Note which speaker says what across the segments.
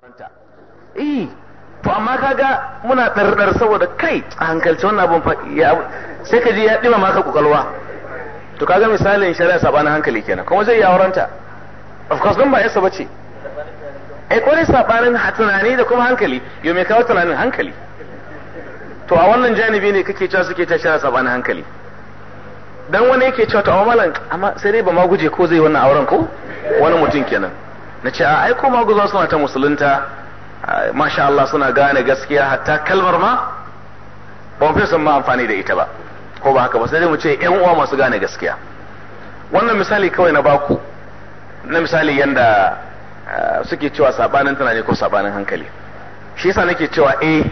Speaker 1: sauranta eh to amma kaga muna ɗarɗar saboda kai a hankalci wannan abin fa sai ka ji ya ɗima maka kokalwa to kaga misalin shari'a sabanin hankali kenan kuma zai yi aurenta of course don ba yasa bace ai eh, kwarai sabanin tunani da kuma hankali yau mai kawo tunanin hankali to a wannan janibi ne kake cewa suke ta shari'a sabanin hankali dan wani yake cewa to amma malam amma sai dai ba ma guje ko zai wannan auren ko wani mutum kenan na ce a aiko maguza suna ta musulunta masha Allah suna gane gaskiya hatta kalmar ma ba mu sun ma amfani da ita ba ko ba haka ba sai dai mu ce yan uwa masu gane gaskiya wannan misali kawai na baku na misali yanda suke cewa sabanin tunani ko sabanin hankali shi yasa nake cewa eh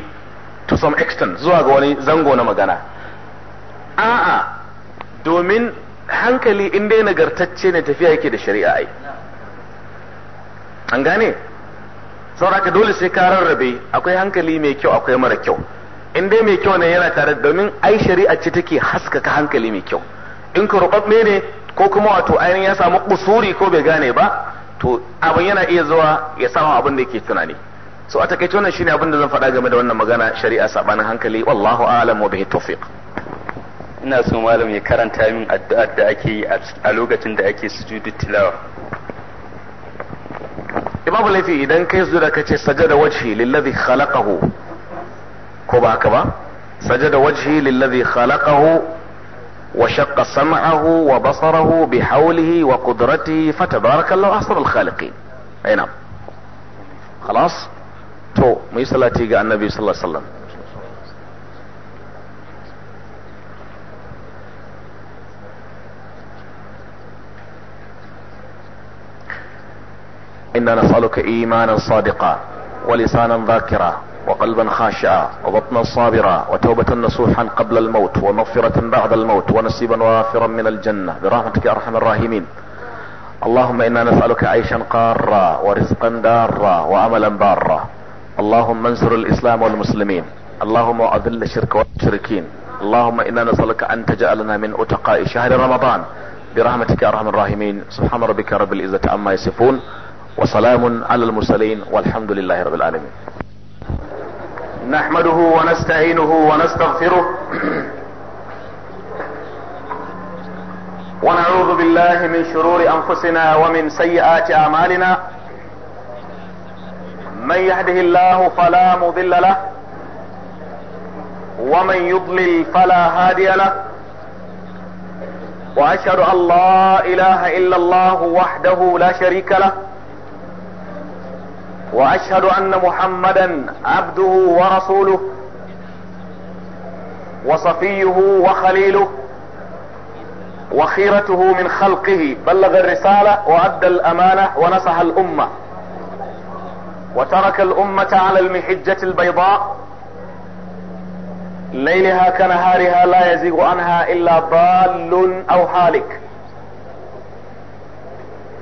Speaker 1: to some extent zuwa ga wani zango na magana a'a domin hankali in dai nagartacce ne tafiya yake da shari'a ai an gane sauraka dole sai ka rarrabe akwai hankali mai kyau akwai mara kyau in dai mai kyau ne yana tare domin ai shari'a ce take haskaka hankali mai kyau in ka rubabbe ne ko kuma wato ainihin ya samu kusuri ko bai gane ba to abin yana iya zuwa ya samu abin da yake tunani so a takaice wannan shine abin da zan faɗa game da wannan magana shari'a sabanin hankali wallahu a'lam wa bihi tawfiq
Speaker 2: ina so malam ya karanta min addu'ar da ake yi a lokacin da ake sujudu tilawa imamu eh, laifi idan kai su
Speaker 1: da kace sajada wajhi lillazi khalaqahu ko ba haka ba sajada wajhi lillazi khalaqahu wa shaqqa sam'ahu wa basarahu bi hawlihi wa qudratihi fatabarakallahu ahsanul khaliqin ayna خلاص تو مي صلاتي النبي صلى الله عليه وسلم انا نسألك ايمانا صادقا ولسانا ذاكرا وقلبا خاشعا وبطنا صابرا وتوبة نصوحا قبل الموت ومغفرة بعد الموت ونصيبا وافرا من الجنة برحمتك ارحم الراحمين اللهم انا نسألك عيشا قارا ورزقا دارا وعملا بارا اللهم انصر الاسلام والمسلمين اللهم اذل الشرك والمشركين اللهم انا نسألك ان تجعلنا من اتقاء شهر رمضان برحمتك ارحم الراحمين سبحان ربك رب العزة عما يصفون وسلام على المرسلين والحمد لله رب العالمين نحمده ونستعينه ونستغفره ونعوذ بالله من شرور انفسنا ومن سيئات اعمالنا من يهده الله فلا مضل له ومن يضلل فلا هادي له واشهد ان لا اله الا الله وحده لا شريك له واشهد ان محمدا عبده ورسوله وصفيه وخليله وخيرته من خلقه بلغ الرسالة وادى الامانة ونصح الامة وترك الامة على المحجة البيضاء ليلها كنهارها لا يزيغ عنها الا ضال او هالك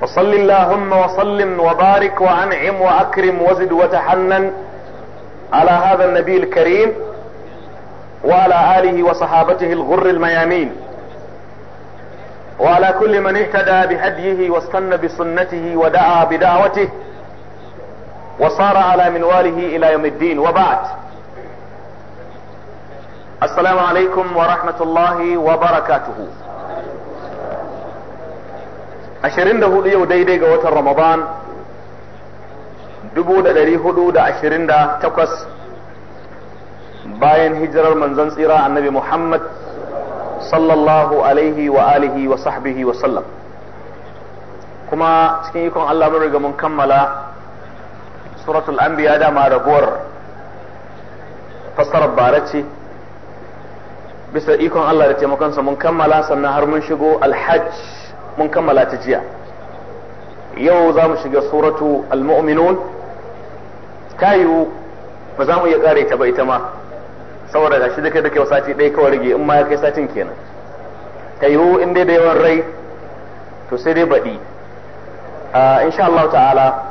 Speaker 1: فصل اللهم وسلم وبارك وانعم واكرم وزد وتحنن على هذا النبي الكريم وعلى اله وصحابته الغر الميامين وعلى كل من اهتدى بهديه واستنى بسنته ودعا بدعوته وصار على منواله الى يوم الدين وبعد السلام عليكم ورحمه الله وبركاته ashirin da hudu yau daidai ga watan ramadan dubu da dari hudu da ashirin da takwas bayan hijirar manzan tsira annabi muhammad sallallahu alaihi wa alihi wa sahbihi wa sallam kuma cikin ikon allah mun riga mun kammala suratul anbiya dama ragowar fassarar barace bisa ikon allah da taimakonsa mun kammala sannan har mun shigo alhajj mun kammala ta jiya yau za mu shiga suratu al-mu'minun yiwu ba za mu iya kare ta ba ita ma saboda gashi da kai da kai sati ɗaya kawai rage in ma ya kai satin kenan ta yiwu in dai da yawan rai to sai dai baɗi insha Allah ta'ala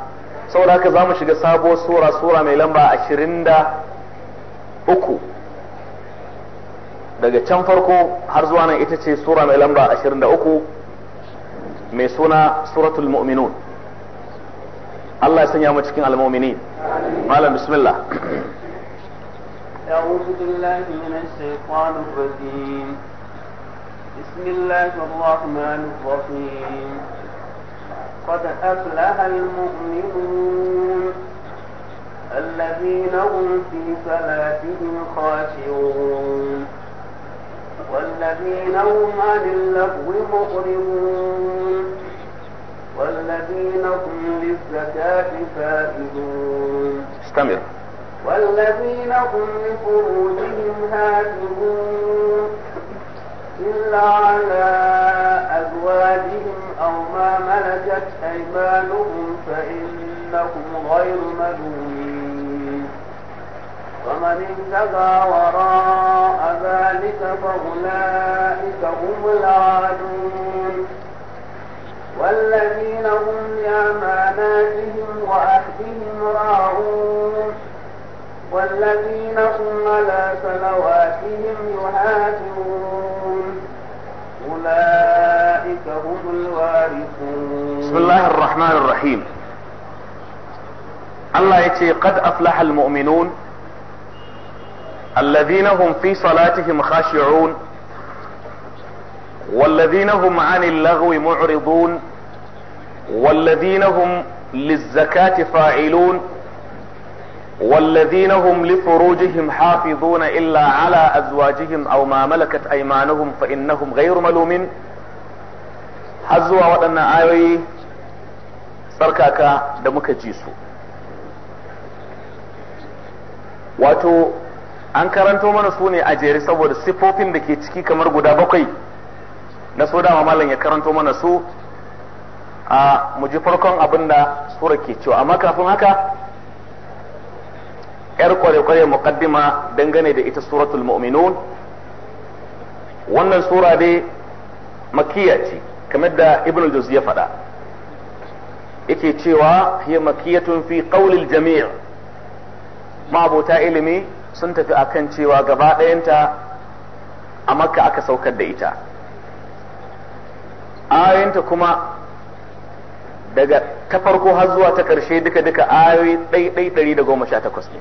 Speaker 1: saboda haka za mu shiga sabo sura sura mai lamba ashirin da uku daga can farko har zuwa nan ita ce sura mai lamba ashirin da uku mai suna suratul mu'minun Allah ya sanya mu cikin al-mu'minin
Speaker 3: malam bismillah أعوذ بالله من الشيطان الرجيم بسم الله الرحمن الرحيم قد أفلح المؤمنون الذين هم في صلاتهم خاشعون والذين هم عن اللغو مقرمون والذين هم للزكاة فائدون استمر والذين هم لفروجهم هاتفون إلا على أزواجهم أو ما ملكت أيمانهم فإنهم غير ملومين فمن ابتغى وراء ذلك فأولئك هم العادون والذين هم لأماناتهم وأهلهم راعون والذين هم على صلواتهم يهاجرون أولئك هم الوارثون بسم الله الرحمن الرحيم الله
Speaker 1: يتي قد أفلح المؤمنون الذين هم في صلاتهم خاشعون والذين هم عن اللغو معرضون والذين هم للزكاة فاعلون والذين هم لفروجهم حافظون إلا على أزواجهم أو ما ملكت أيمانهم فإنهم غير ملومين حزوا ودنا آيوي سركاكا دمك جيسو واتو an karanto mana su ne a jere saboda sifofin da ke ciki kamar guda bakwai na so dama malam ya karanto mana su a muji farkon abin da sura ke cewa amma kafin haka yar kware-kware muqaddima dangane da ita suratul mu'minun wannan sura dai makiya ce kamar da ibn juz ya faɗa yake cewa hiya makiyatun fi qawlil jami' ma ilimi sun tafi akan cewa gaba ɗayanta a makka aka saukar da ita ayoyinta kuma daga ta farko har zuwa ta ƙarshe duka-duka ayoyi ɗai ɗari da goma sha takwas ne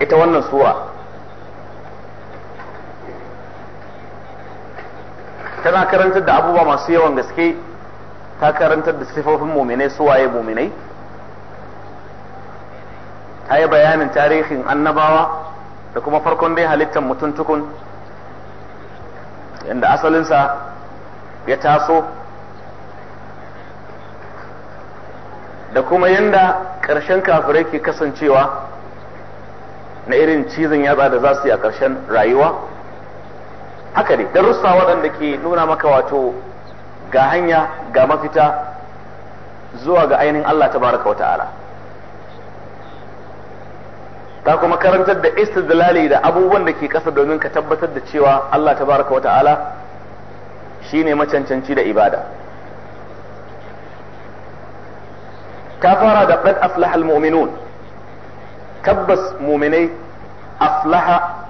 Speaker 1: ita wannan sura tana karantar da abubuwa masu yawan gaske ta karantar da sifofin muminai suwaye muminai yi bayanin tarihin annabawa da kuma farkon dai halittar mutum tukun yadda asalinsa ya taso da kuma yadda ƙarshen kafirai ke kasancewa na irin cizon yatsa da za su yi a ƙarshen rayuwa haka ne darussa waɗanda ke nuna maka wato ga hanya ga mafita zuwa ga ainihin Allah ta baraka wa ta'ala ka kuma karantar da istidlali da abubuwan da ke kasa domin ka tabbatar da cewa Allah tabaraka wa ta'ala shine macancanci da ibada ta fara da qad aflaha almu'minun tabbas mu'minai aflaha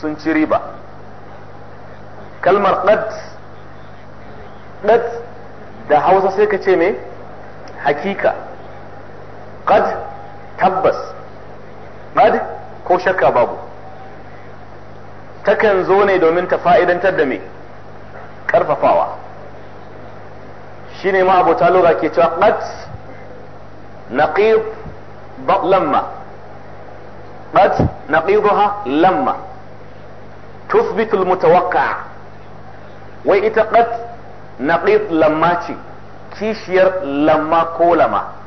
Speaker 1: sun ci riba kalmar qad da Hausa sai ka ce me hakika qad tabbas Madi ko shakka babu takan zo ne domin ta fa'idantar da me karfafawa shine ma abota lura ke cewa qat naqid lamma qat naqiduha lamma tuthbitu almutawaqqa wai ita qat naqid lamma ce kishiyar lamma ko lama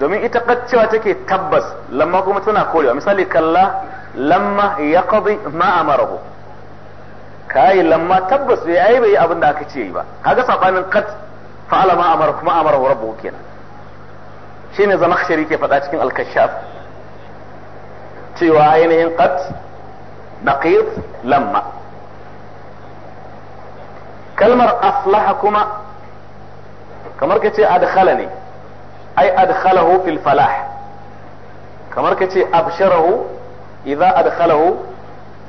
Speaker 1: domin ita cewa take tabbas lamma kuma tana korewa misali kalla lamma ya ma amarahu kai lamma tabbas bai eh, ai bai abin da aka ce ba kaga safanin qat fa'ala ma amara kuma amarahu rabbuhu kenan shine ke faɗa cikin al-kashaf cewa ainihin kad naqid lamma kalmar aslaha kuma kamar kace adkhala ne ai adkhalahu fil falah kamar ka ce absharahu idza adkhalahu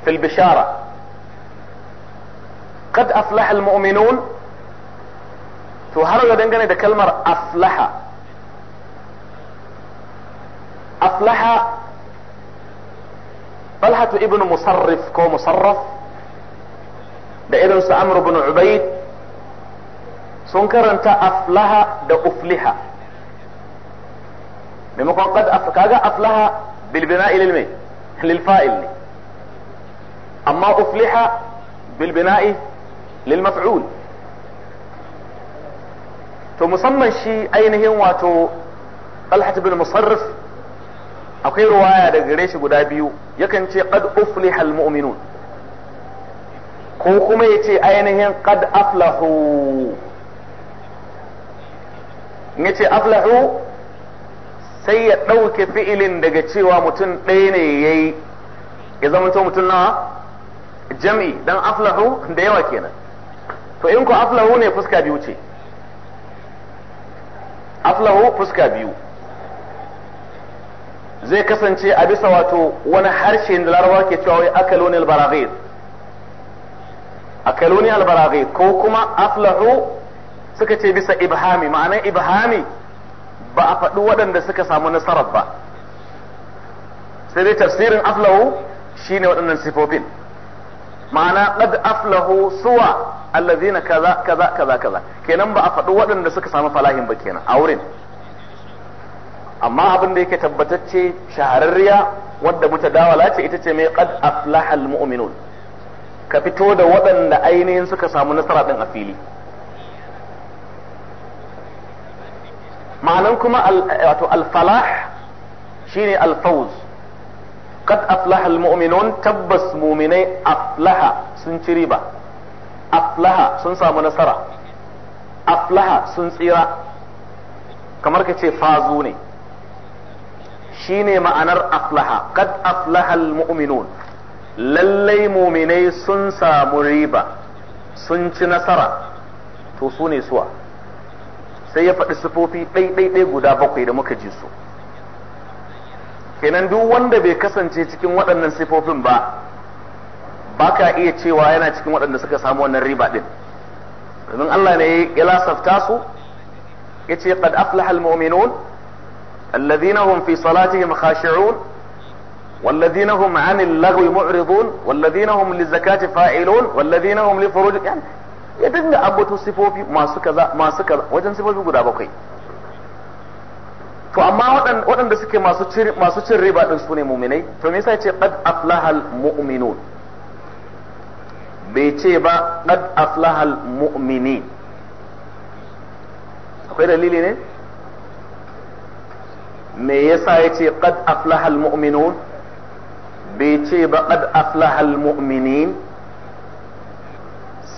Speaker 1: fil bishara qad aflaha al mu'minun to har dangane da kalmar aflaha aflaha Talhatu ibn Musarrif ko Musarraf da irin su Amr ibn sun karanta aflaha da ufliha maimakon qad kaga aflaha bil bina'i lil mai lil fa'il ne amma ufliha bil bina'i lil maf'ul to musamman shi ainihin wato Talhat bin Musarrif akwai ruwaya daga gare shi guda biyu yakan ce qad uflihal mu'minun ko kuma ya ce ainihin qad aflahu ya ce aflahu sai ya ɗauke fi'ilin daga cewa mutum ɗaya ne ya yi ya zama to mutum nawa jam'i dan aflahu da yawa kenan to in ko aflahu ne fuska biyu ce aflahu fuska biyu zai kasance a bisa wato wani harshe da larabawa ke cewa wai akaloni albaraghid akaloni albaraghid ko kuma aflahu suka ce bisa ibhami ma'ana ibhami ba a faɗi waɗanda suka samu nasarar ba sai dai tafsirin aflahu shine waɗannan sifofin ma'ana ɗad aflahu suwa allazina kaza kaza kaza kaza kenan ba a faɗi waɗanda suka samu falahin ba kenan a wurin amma abin da yake tabbatacce shahararriya wadda dawala ce ita ce mai ƙad aflaha mu'minun ka fito da waɗanda ainihin suka samu nasara ɗin a fili ma'anan kuma wato al-falah shine al qad aflaha al-mu'minun tabbas mu'minai aflaha sun ci riba aflaha sun samu nasara aflaha sun tsira kamar ka ce fazu ne shine ma'anar aflaha qad aflaha al-mu'minun lallai mu'minai sun samu riba sun ci nasara to su ne suwa sai ya faɗi sifofi ɗaiɗaiɗai guda bakwai da muka ji su kenan duk wanda bai kasance cikin waɗannan sifofin ba ba ka iya cewa yana cikin waɗanda suka samu wannan riba ɗin domin Allah ne ya lasafta su ya ce qad aflaha almu'minun alladhina hum fi salatihim khashi'un والذين هم عن اللغو معرضون والذين هم للزكاة فاعلون والذين هم لفروج يعني ya dinga ambato sifofi masu kaza masu kaza wajen sifofi guda bakwai to amma waɗanda suke masu cin masu cin riba din su ne mu'minai to me yasa ce qad aflahal mu'minun bai ce ba qad aflahal mu'mini akwai dalili ne me yasa yace qad aflahal mu'minun bai ce ba qad aflahal mu'minin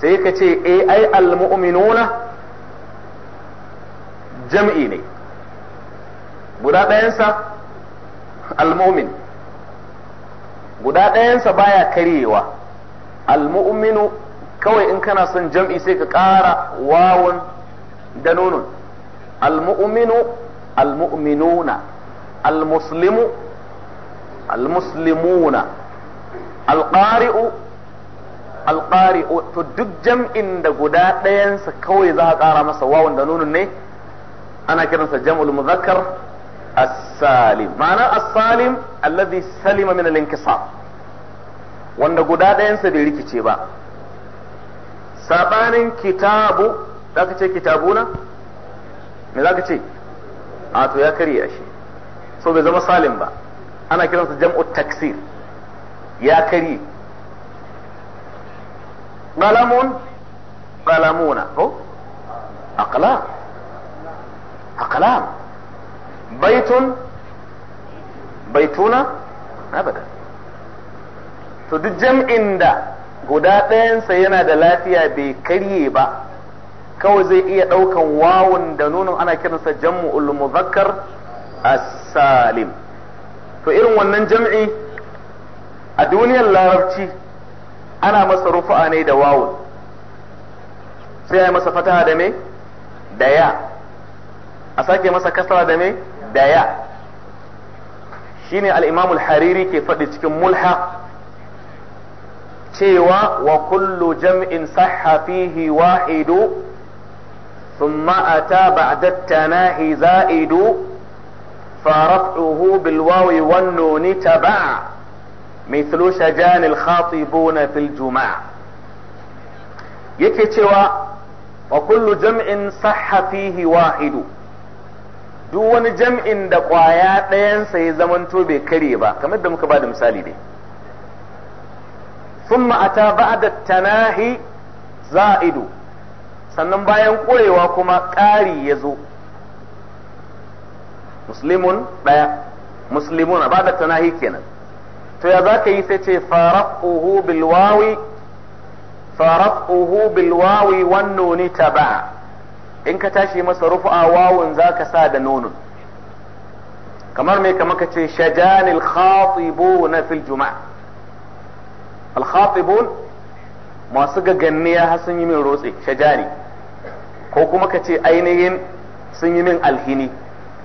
Speaker 1: sai ka ce eh ai almu'minuna jam'i ne guda ɗayansa almu'min guda ɗayansa baya karyewa almu'minu kawai in kana son jam'i sai ka ƙara wawun da nunun almu'minu almu'minuna almuslimu almuslimuna alqari'u Alƙari to duk jam'in da guda ɗayansa kawai za a ƙara masa wawan da nunun ne ana kiransa jam'ul muzakkar as-salim ma'ana as-salim alladhi salima min al-inkisar wanda guda ɗayansa bai rikice ba sabanin kitabu zaka ce kitabuna me zaka ce a to ya karya shi so bai zama salim ba ana kiransa jam'u taksir ya karye qalamun qalamuna ko aqlam aqlam baitun baituna abada to duk jam'in da guda ɗayansa yana da lafiya bai karye ba kawai zai iya ɗaukan wawun da nunin ana kiransa jam'ul muzakkar as-salim to irin wannan jam'i a duniyar larabci ana masa rufu'a ne da wawun sai yi masa fataha da me da ya a sake masa kasara da me da ya shine Al'imamul hariri ke faɗi cikin mulha cewa wa kullu jam'in sahha fihi wahidu thumma ata ba'da at-tanahi za'idu فرفعه بالواو والنون تبع مثل شجان الخاطبون في الجماع yake cewa a kullu jam'in sahha wahidu duk wani jam'in da kwaya ɗayansa ya zamanto bai kare ba kamar da muka ba da misali dai thumma ata da tanahi za'idu sannan bayan ƙurewa kuma ƙari ya zo muslimun ɗaya muslimun ba ba'da tanahi kenan to ya za ka yi sai ce faraf'uhu bilwawi faraf'uhu bilwawi in ka tashi masa rufa wawun za ka sa da nunun kamar mai kamar ka ce shajanil na fil juma'a al masu ya ha sun yi min rotse shajani ko kuma ka ce ainihin sun yi min alhini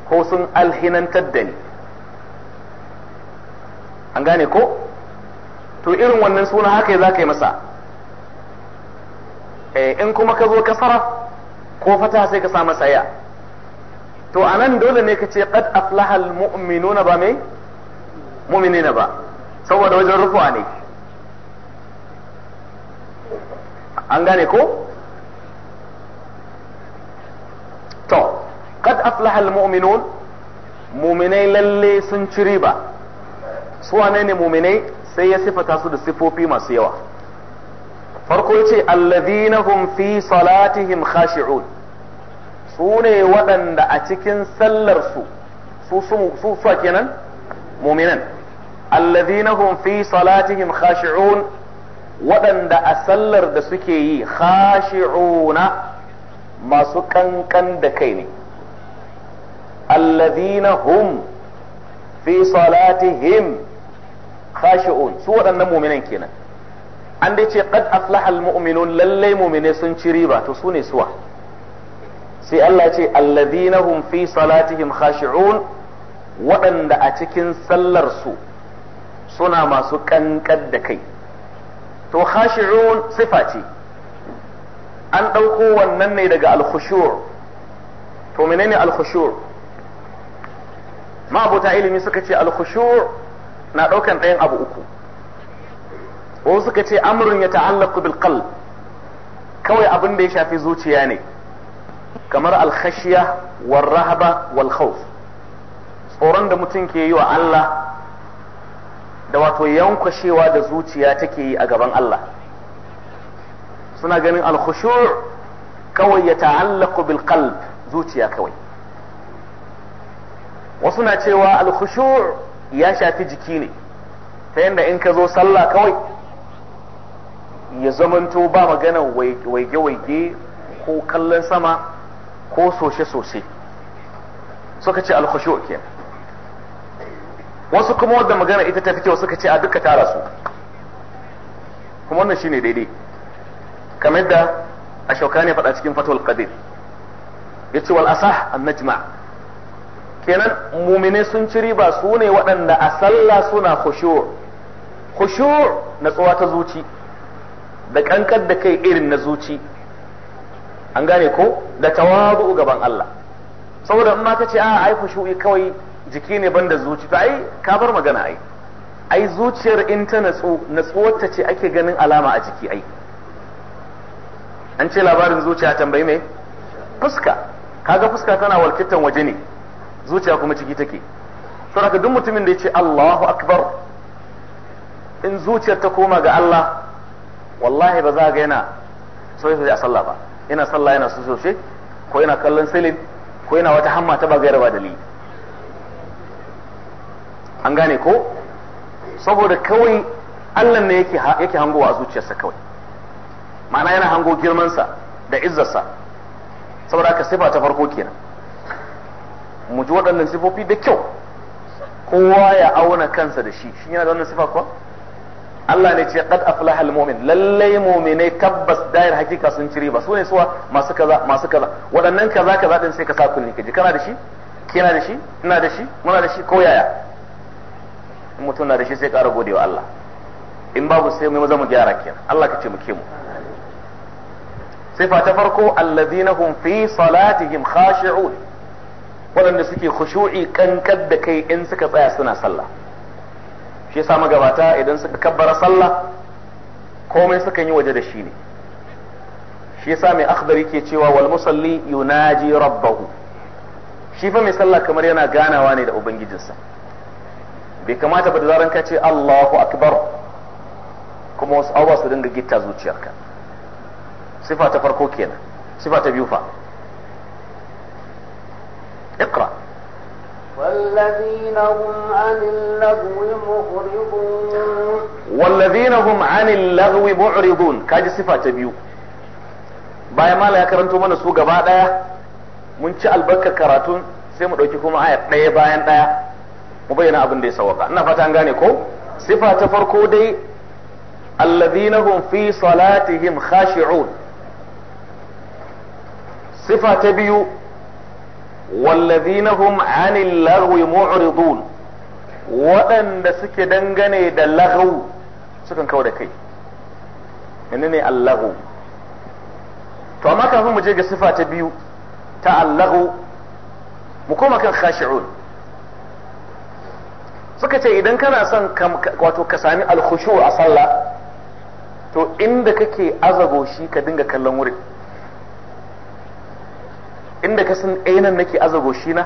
Speaker 1: ko sun alhinantar da ni an gane ko to irin wannan suna haka za ka yi masa eh, in kuma ka zo kasara ko fata sai ka sa masa ya to a nan dole ne ka ce qad aflaha almu'minuna ba mai mu'minina ba saboda wajen rufuwa ne an gane ko to qad aflaha almu'minun mu'minai lalle sun ci riba su wane ne muminai sai ya sifata su da sifofi masu yawa farko yace alladhina hum fi salatihim khashi'un su ne waɗanda a cikin sallar su su su kenan muminan alladhina hum fi salatihim khashi'un waɗanda a sallar da suke yi khashi'una masu kankan da kai ne alladhina hum fi salatihim khashi'un su waɗannan mu'minan kenan an dai ce qad aflaha almu'minun lallai mu'mine sun ci riba to su ne suwa sai Allah ce alladhina hum fi salatihim khashi'un waɗanda a cikin sallar su suna masu kankar da kai to khashi'un sifa ce an ɗauko wannan ne daga al-khushur to menene al-khushur ilimi suka ce al-khushur na ɗaukan ɗayan abu uku wasu suka ce amrun ya ta'allaku bil qalb kawai abin da ya shafi zuciya ne kamar al khashiya war rahaba wal khawf tsoron da mutum ke yi wa Allah da wato yankwashewa da zuciya take yi a gaban Allah suna ganin al khushu' kawai ya ta'allaku bil qalb zuciya kawai wasu na cewa al khushu' ya shafi jiki ne ta yadda in ka zo sallah kawai ya zamanto ba magana waige-waige ko kallon sama ko soshe-soshe suka ce alkhushu ke. wasu kuma wadda magana ita ta fi kyau suka ce a duka tara su kuma wannan shine daidai kamar da a shauka ne faɗa cikin fatawar qadir yace wal asah an najma' kenan mumine sun ci riba su ne waɗanda a sallah suna khushu khushu tsawa ta zuci da kankar da kai irin na zuci an gane ko da tawadu gaban Allah saboda in ma ka ce a ai khushu'i kawai jiki ne banda zuci to ai ka bar magana ai ai zuciyar in ta natsu natsuwar ta ce ake ganin alama a jiki ai an ce labarin zuciya tambayi me fuska kaga fuska tana walkitan waje ne zuciya kuma ciki take haka duk mutumin da ya ce Allahu akbar in zuciyar ta koma ga Allah wallahi ba za ga yana sai a sallah ba ina sallah ina yana sososhe ko ina kallon silin ko ina wata hamma ta ba gaira ba dalili an gane ko saboda kawai Allah ne yake yake hango a zuciyarsa kawai ma'ana yana hango girman sa da izzarsa saboda ka sifa ta farko kenan mu ji waɗannan sifofi da kyau kowa ya auna kansa da shi shi yana da wannan sifa kuwa Allah ne ce qad aflaha almu'min lallai mu'minai tabbas dair hakika sun ciri ba su ne suwa masu kaza masu kaza waɗannan kaza kaza din sai ka sa kunni kaji kana da shi kina da shi ina da shi muna da shi ko yaya in mutum na da shi sai ƙara godewa Allah in babu sai mu maza mu gyara kenan Allah ka ce mu ke mu sifa ta farko alladhina hum fi salatihim khashi'un waɗanda suke khushu'i kankar da kai in suka tsaya suna sallah shi sa magabata idan suka kabbara sallah komai suka yi waje da shi ne shi sa mai akhdari ke cewa wal musalli yunaji rabbahu shi fa mai sallah kamar yana ganawa ne da ubangijinsa bai kamata ba da zaran ka ce Allahu akbar kuma wasu abubuwa su dinga gita zuciyarka sifa ta farko kenan sifa ta biyu fa اقرأ
Speaker 3: والذين هم عن اللغو معرضون والذين
Speaker 1: هم عن اللغو معرضون kaji sifa ta biyu bayan mala ya karanto mana su gaba daya mun ci albarkar karatun sai mu ɗauki kuma aya ɗaya bayan ɗaya mu bayyana abin da ya sawaka ina fata an gane ko sifa ta farko dai alladhina hum fi salatihim khashi'un sifa ta biyu والذين هم عن اللغو معرضون waɗanda suke dangane da lagau sukan kawo da kai menene allahu to amma kafin mu je ga sifa ta biyu ta allahu mu koma kan khashi'un suka ce idan kana son wato ka sami alkhushu a sallah to inda kake azago shi ka dinga kallon wurin inda ka san ainan nake azago shi na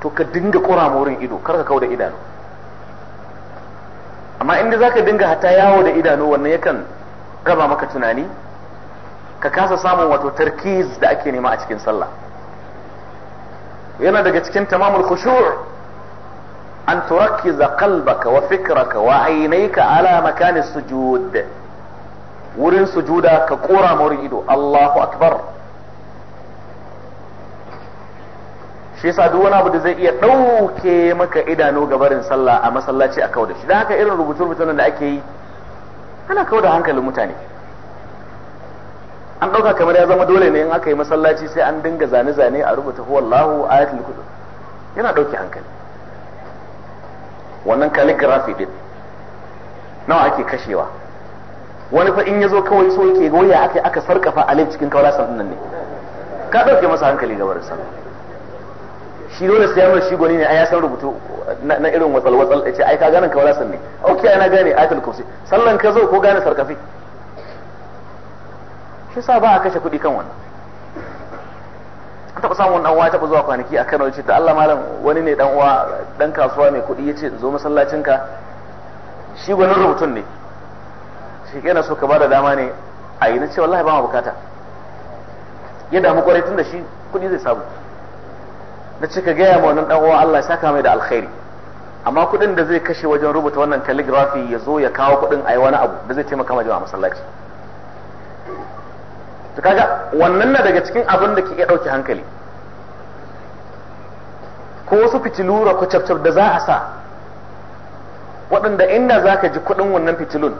Speaker 1: to ka dinga kura ido kar ka kawo da idanu amma inda zaka dinga hata yawo da idanu wannan yakan raba maka tunani ka kasa samun wato tarkiz da ake nema a cikin sallah yana daga cikin tamamul khushu' an turakkiza qalbaka wa fikraka wa aynayka ala makani sujud wurin sujuda ka kora wurin ido Allahu akbar shi yasa duk wani abu da zai iya ɗauke maka idanu ga barin sallah a masallaci a da shi da haka irin rubutu rubutun da ake yi ana kawo da hankalin mutane an ɗauka kamar ya zama dole ne in aka yi masallaci sai an dinga zane-zane a rubuta huwallahu ayatul kudu yana ɗauke hankali wannan calligraphy din nawa ake kashewa wani fa in ya zo kawai so yake goya aka aka sarkafa alif cikin kaulasan nan ne ka ɗauke masa hankali ga barin sallah shi dole sai mai shi gwani ne ai ya san rubutu na irin watsal watsal ya ce ai ka ganin kawai san ne ok ana na gane ayatul kursi sallan ka zo ko gane sarkafi shi sa ba a kashe kuɗi kan wannan taɓa samun ɗan uwa taɓa zuwa kwanaki a Kano ce ta Allah malam wani ne ɗan uwa dan kasuwa mai kuɗi ya ce zo masallacinka shi gwanin rubutun ne shi kena so ka bada dama ne a yi na ce wallahi ba ma bukata ya damu kwarai tun da shi kuɗi zai samu na cika gaya ma wannan dan Allah ya saka mai da alkhairi amma kuɗin da zai kashe wajen rubuta wannan calligraphy ya zo ya kawo kuɗin a yi wani abu da zai taimaka ma jama'a masallaci to kaga wannan na daga cikin abin da ke iya ɗauke hankali ko wasu fitilu ko cafcaf da za a sa waɗanda inda za ka ji kuɗin wannan fitilun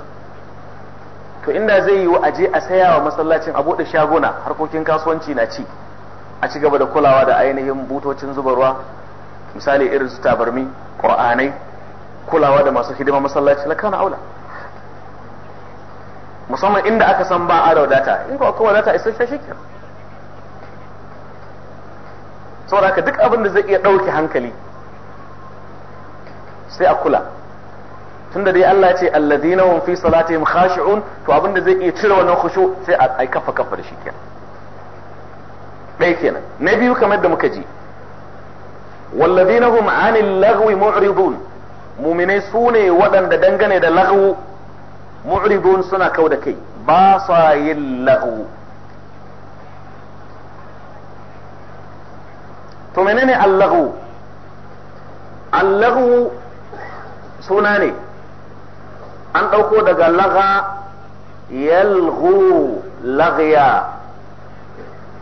Speaker 1: to inda zai yi wa je a saya wa masallacin a buɗe shaguna harkokin kasuwanci na ci a ci gaba da kulawa da ainihin butocin zuba ruwa misali irin su tabarmi ƙwa'anai kulawa da masu hidima masallaci na kana aula musamman inda aka san ba a da wadata in ko kowa wadata isa shi shikenan saboda haka duk abin da zai iya ɗauke hankali sai a kula tunda dai Allah ya ce alladhina hum fi salatihim khashi'un to abin da zai iya cire wannan khushu sai a kafa kafa da shi ɗaya kenan na biyu kamar da muka ji wallazina hum anil lagwi mu'ridun muminai su ne waɗanda dangane da lagwu mu'ridun suna kau da kai ba sa yin lagwu to menene allahu allahu suna ne an ɗauko daga lagha yalghu lagya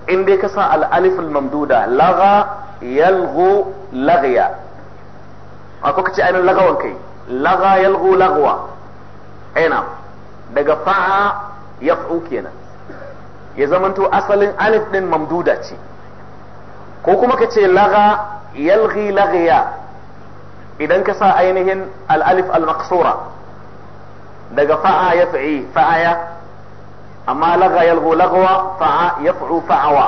Speaker 1: in dai ka sa al'alif al-mamduda laga yalghu lagya akwai kace ainihin lagawan kai laga yalghu lagwa ina daga fa'a yaf'u kenan ya zamanto asalin alif din mamduda ce ko kuma ka ce laga yalghi lagya idan ka sa ainihin al'alif al-maqsura daga fa'a yaf'i fa'a ya amma laga yalgo lagawa fa'a ya fa'u fa'awa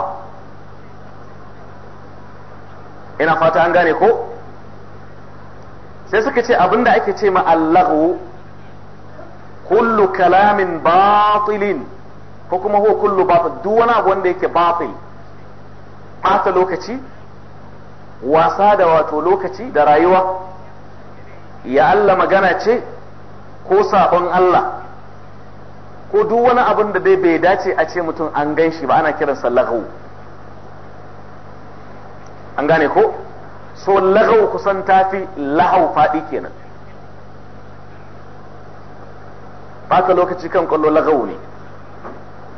Speaker 1: ina fata an gane ko sai suka ce abinda ake ce ma kullu kalamin batilin ko kuma ho kullu batil duk wani abu wanda yake batil ɓata lokaci wasa da wato lokaci da rayuwa ya Allah magana ce ko sabon Allah ko duk wani abin da dai bai dace a ce mutum an gan shi ba ana kiransa lagau an gane ko so lagau kusan tafi lahau fadi kenan baka lokaci kan kwallo lagau ne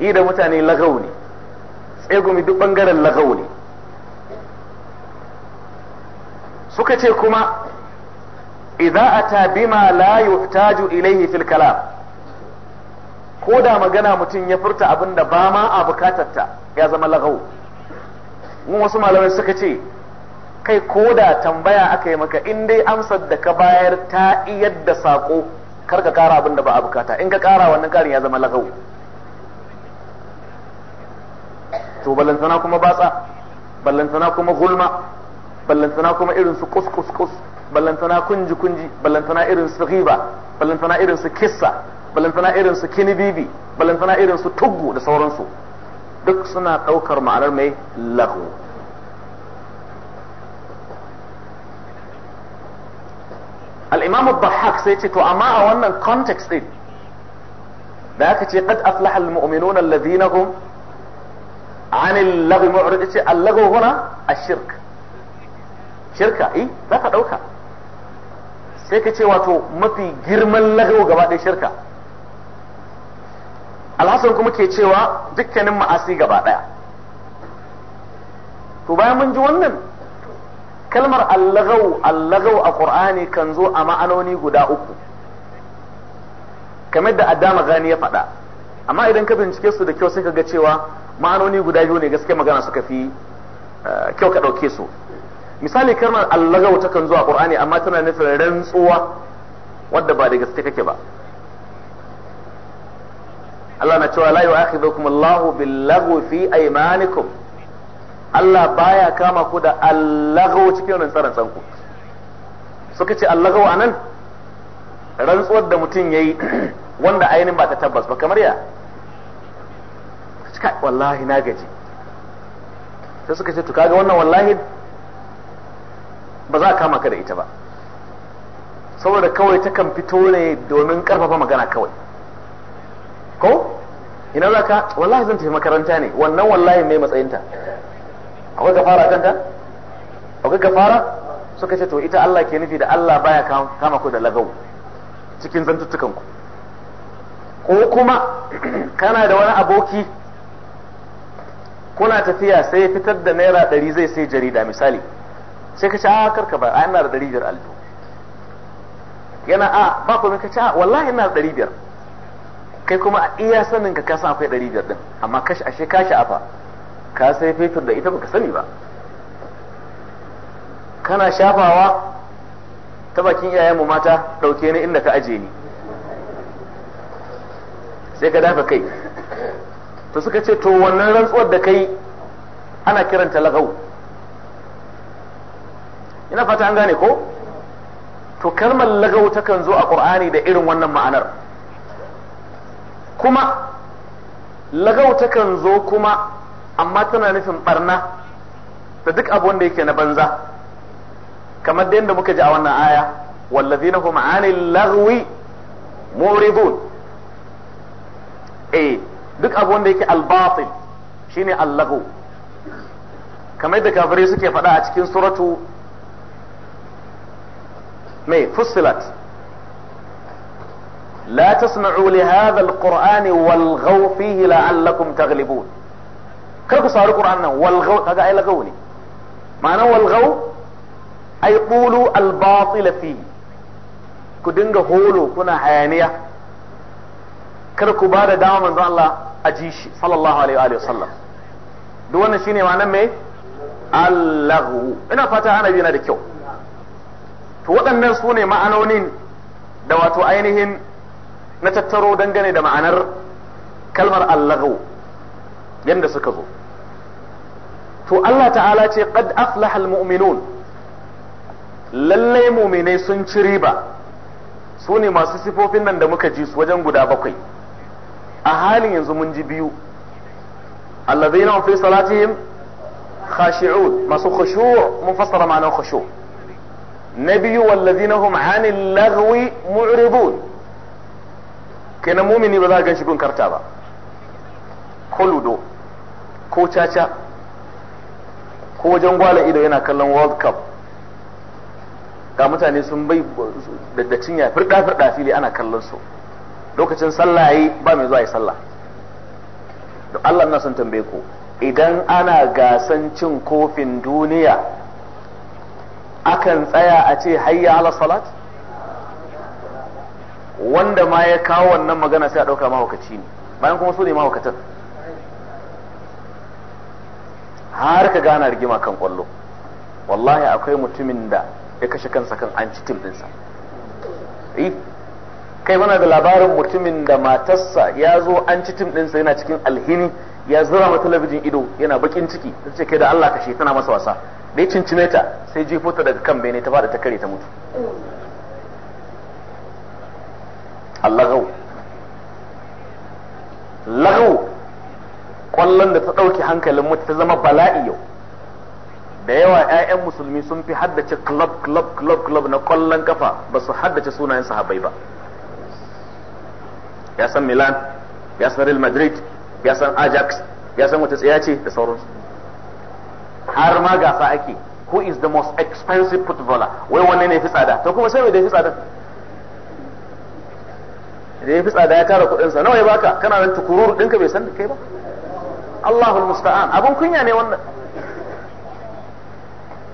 Speaker 1: yi da mutane lagau ne tsegumi duk bangaren lagau ne suka ce kuma idza ata bima la yuhtaju ilayhi fil kalam Koda magana mutum ya furta abin da ba ma a bukatarta ya zama lagau mun wasu malamai suka ce kai ko da tambaya aka yi maka in dai amsar da ka bayar ta iyar da sako kar ka kara abin da ba a bukata in ka kara wannan karin ya zama lagau to ballantana kuma batsa ballantana kuma gulma ballantana kuma irin su kus kus kus ballantana kunji kunji ballantana irin su riba ballantana irin su kissa ballantana irin su kinibibi ballantana irin su tuggu da sauransu duk suna ɗaukar ma'anar mai lahu al-imamu bahak sai ce to amma a wannan context din da aka ce qad aflaha al-mu'minuna alladhina hum 'anil lahu mu'rid ce al lahu huna ash-shirk shirka eh za ka ɗauka sai ka ce wato mafi girman lahau gaba ɗaya shirka alhassan kuma ke cewa dukkanin ma'asi gaba ɗaya to bayan mun ji wannan kalmar allagau allagau a qur'ani kan zo a ma'anoni guda uku kamar da adama gani ya faɗa amma idan ka bincike su da kyau sai ka ga cewa ma'anoni guda biyu ne gaske magana suka fi eh, kyau ka ɗauke su misali kalmar allagaw ta kan zuwa qur'ani amma tana nufin rantsuwa wadda ba da gaske kake ba Allah na cewa la yu'akhidhukum Allahu bil-laghwi fi aymanikum Allah baya kama ku da allagaw cikin rantsan ku suka ce allagaw anan rantsuwar da mutum yayi wanda ainihin ba ta tabbas ba kamar ya wallahi na gaji sai suka ce to kaga wannan wallahi ba za a kama ka da ita ba saboda kawai takan fito ne domin karfafa magana kawai ko ina za ka wallahi zan tafi makaranta ne wannan wallahi mai matsayinta akwai gafara kanta akwai gafara suka ce to ita Allah ke nufi da Allah baya kama ku da lagau cikin zantuttukan ku ko kuma kana da wani aboki kuna tafiya sai fitar da naira ɗari zai sai jarida misali sai ka ce a ah, karka ba ai ina da ɗari biyar aljo yana a ah, ba komai ka ce a ah, wallahi ina da ɗari biyar kai kuma a iya sanin ka kasan akwai ɗari biyar din amma kashi ashe kashi afa ka sai fetur da ita baka sani ba kana shafawa ta bakin mu mata ɗauke ni inda ka aje ni sai ka dafa kai to suka ce to wannan rantsuwar da kai ana kiranta lagau ina fata an gane ko to kalmar lagau takan zo a qur'ani da irin wannan ma'anar kuma lagau takan zo kuma amma tana nufin barna da duk abu wanda yake na banza kamar da yadda muka ji a wannan aya wallazina hum anil lagwi muridun eh duk abu wanda yake albatil shine al kamar da kafirai suke faɗa a cikin suratu mai fusilat la tasma'u li hadha alqur'ani walghaw fihi la'allakum taghlibun kar ku sauri qur'an nan walghaw kaga ai lagaw ne ma'ana walghaw ai qulu albatila fihi ku dinga holo kuna hayaniya kar ku bada da dama manzo Allah a shi sallallahu alaihi wa sallam duk wannan shine ma'anar mai allahu ina fata ana bi na da kyau to waɗannan su ne ma'anonin da wato ainihin na tattaro dangane da ma'anar kalmar allahu yadda suka zo to Allah ta'ala ce qad aflaha almu'minun lallai muminai sun ci riba su ne masu sifofin nan da muka ji su wajen guda bakwai a halin yanzu mun ji biyu allazina fi salatihim khashi'un masu khushu' mun fassara ma'anar khushu' na biyu wallazina hum anil lagwi mu'ridun kenan mumini ba za ka ganshi gun karta ba ko ludo ko caca ko wajen gwala ido yana kallon world cup ga mutane sun bai da cinya firda firda fili ana kallon su lokacin sallah ba mai zuwa yi sallah Allah na son tambaye ku idan ana gasan cin kofin duniya akan tsaya a ce hayya ala salat wanda ma ya kawo wannan magana sai a ɗauka mahaukaci ne bayan kuma su ne mahaukatan har ka gana rigima kan kwallo wallahi akwai mutumin da ya kashe kansa kan an ci tim eh, kai mana da labarin mutumin da matarsa ya zo an ci tim yana cikin alhini ya zura ma talabijin ido yana bakin ciki ta ce kai da Allah kashe tana masa wasa da ya cincime ta sai jefo ta daga kan bene ta fada ta kare ta mutu allagau lagau kwallon da ta ɗauke hankalin mutu ta zama bala'i yau da yawa 'ya'yan musulmi sun fi haddace club club club club na kwallon kafa ba su haddace sunayen sahabbai ba ya san milan ya san real madrid ya san ajax ya san wata tsaya ce da sauransu har ma gasa ake who is the most expensive footballer wai wanne ne fi tsada to kuma sai wai da fi tsada da ya fi tsada ya tara sa. nawa ya baka kana nan tukururu ɗinka bai san kai ba Allahul musta'an abun kunya ne wannan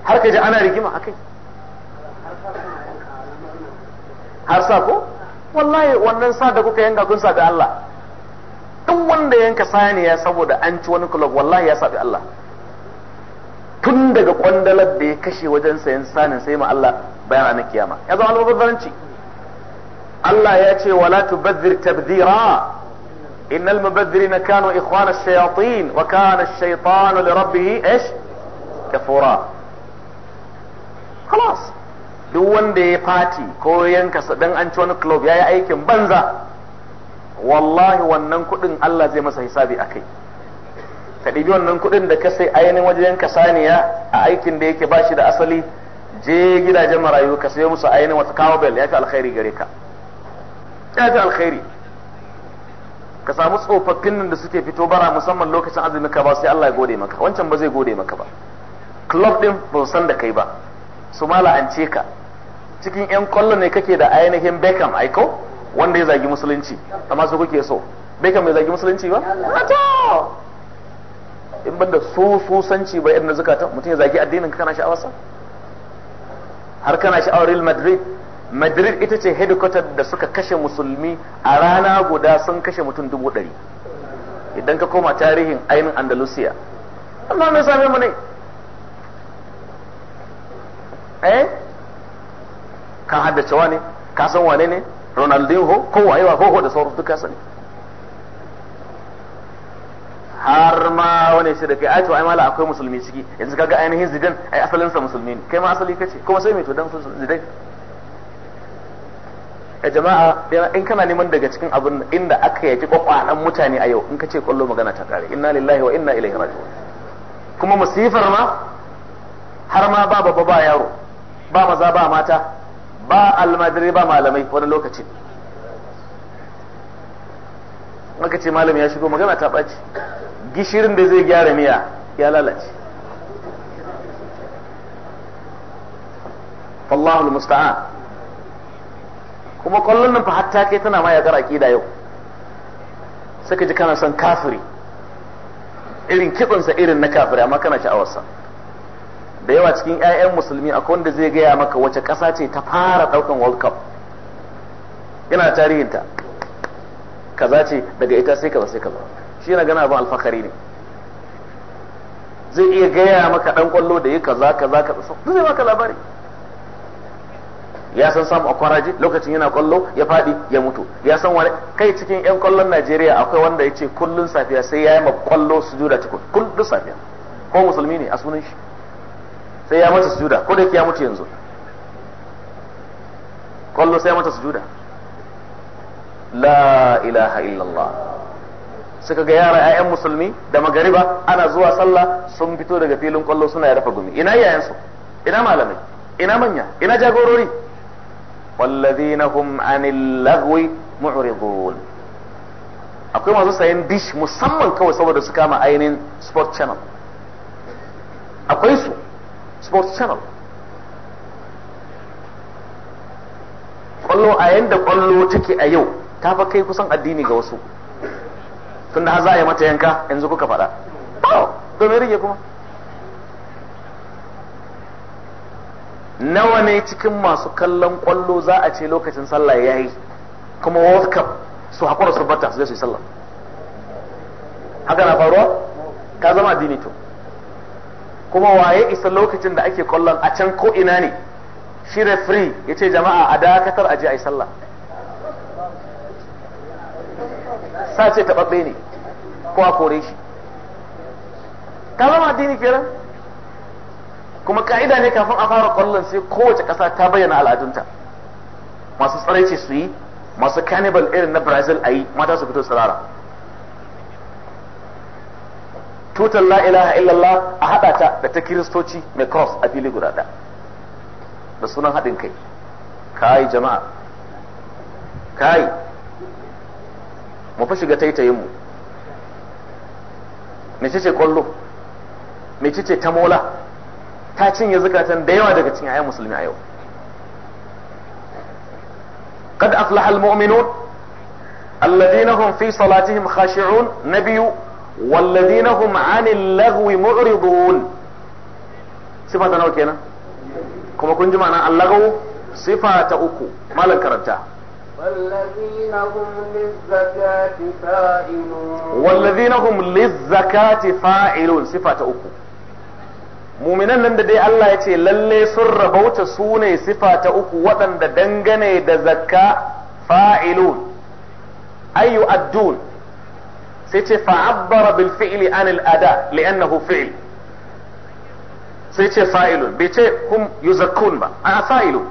Speaker 1: har ka ji ana rigima akai har sa ko wallahi wannan sa da kuka yanka kun da Allah duk wanda yanka saniya saboda an ci wani club wallahi ya sabi Allah tun daga kwandalar da ya kashe wajen sayan sanin sai ma Allah bayan ranar kiyama ya zama almubazzaranci Allah ya ce wala tubazzir tabdhira innal mubazzirina kanu ikhwana ash-shayatin wa kana ash-shaytanu li rabbih ish kafura خلاص duk wanda ya fati ko yanka dan an ci wani club yayi aikin banza wallahi wannan kudin Allah zai masa hisabi akai ka ɗibi wannan kuɗin da ka sai ainihin wajen ka saniya a aikin da yake bashi da asali je gidajen marayu ka sayo musu ainihin wata cowbell ya fi alkhairi gare ka ya fi alkhairi ka samu tsofaffin nan da suke fito bara musamman lokacin azumi ka ba sai Allah ya gode maka wancan ba zai gode maka ba club din ba san da kai ba su la'ance ka cikin yan kwallo ne kake da ainihin Beckham aiko wanda ya zagi musulunci amma su kuke so Beckham bai zagi musulunci ba in banda so sosanci ba yadda na zukatan mutum ya zagi addinin ka kana sha'awarsa har kana sha'awar Real Madrid Madrid ita ce headquarter da suka kashe musulmi a rana guda sun kashe mutum dubu ɗari idan ka koma tarihin ainihin Andalusia amma mai same mu ne eh kan haddace wane ka san wane ne Ronaldinho ko wayewa hoho da sauransu duka sani har ma wani shi da kai ai to ai mala akwai musulmi ciki yanzu kaga ainihin zidan ai asalin sa musulmi ne kai ma asali kace kuma sai mai to dan sun zidai eh, ya jama'a in kana neman daga cikin abin inda aka yaji kwakwalan mutane a yau in kace kwallo magana ta kare inna lillahi wa inna ilaihi raji'un kuma musifar ma har ma ba baba ba yaro ba maza ba mata ba almadiri ba malamai wani lokaci maka ce malam ya shigo magana ta ɓaci gishirin da zai gyara miya ya lalace Allahul musta'an kuma kwallon nan fa hatta kai tana ma ya gara kida yau suka ji kana son kafiri irin kitsansa irin na kafiri amma kana sha'awarsa da yawa cikin 'ya'yan musulmi akwai wanda zai gaya maka wace ƙasa ce ta fara ɗaukan world cup yana tarihinta kaza ce daga ita sai kaza sai kaza shi na gana abin alfakari ne zai iya gaya maka dan kwallo da yi kaza kaza ka duk zai maka labari ya san samu a ji lokacin yana kwallo ya fadi ya mutu ya san wani kai cikin yan kwallon Najeriya akwai wanda ya ce kullun safiya sai ya yi ma kwallo juda cikin kullun safiya ko musulmi ne a sunan shi sai ya mata su juda ko da ya mutu yanzu kwallo sai ya mata su juda la ilaha illallah suka ga yara 'ya'yan musulmi da magariba ana zuwa sallah sun fito daga filin kwallo suna ya rafa gumi ina su ina malamai ina manya ina jagorori walladhina hum anil lagwi mu'ridun akwai masu sayan dish musamman kawai saboda su kama ainihin sport channel akwai su sport channel kwallo a yanda kwallo take a yau ta fa kai kusan addini ga wasu tun da za a yi mata yanka yanzu kuka faɗa to me rage kuma nawa ne cikin masu kallon kwallo za a ce lokacin sallah ya yi kuma world cup su haƙura su bata su zai su yi sallah haka na faruwa ka zama addini to kuma waye isa lokacin da ake kwallon a can ko ina ne shi referee ya ce jama'a a dakatar a je a yi sallah sa ce taɓaɓɓe ne ko a kore shi ka zama addini kenan kuma ka'ida ne kafin a fara kwallon sai kowace ƙasa ta bayyana al'adunta masu tsaraice su yi masu cannibal irin na brazil a yi mata su fito tsirara tutar la ilaha illallah a haɗa ta da ta kiristoci mai cross a fili guda ɗaya da sunan haɗin kai Ka yi jama'a Ka yi. mu fa shiga taitayin mu? Me cacai ƙwallo me cacai ta mola ta cinye zikatan da yawa daga cikin ayyukan musulmin a yau. Kad Aflahal muminu allahdinahu fi salatihin kashicun na biyu wallan dinahu macaanin lagwi mucirin Sifata nawa kenan? Kuma ku inji ma'ana allagawu sifata uku malam karanta.
Speaker 3: والذين هم للزكاة فاعلون والذين
Speaker 1: هم للزكاة muminan nan da dai Allah ya ce lalle sun rabauta su ne sifa uku waɗanda dangane da zakka fa'ilun ayu addun sai ce fa'abbara bil fi'li anil ada li'annahu fi'l sai ce fa'ilun bai ce hum ba a'a fa'ilun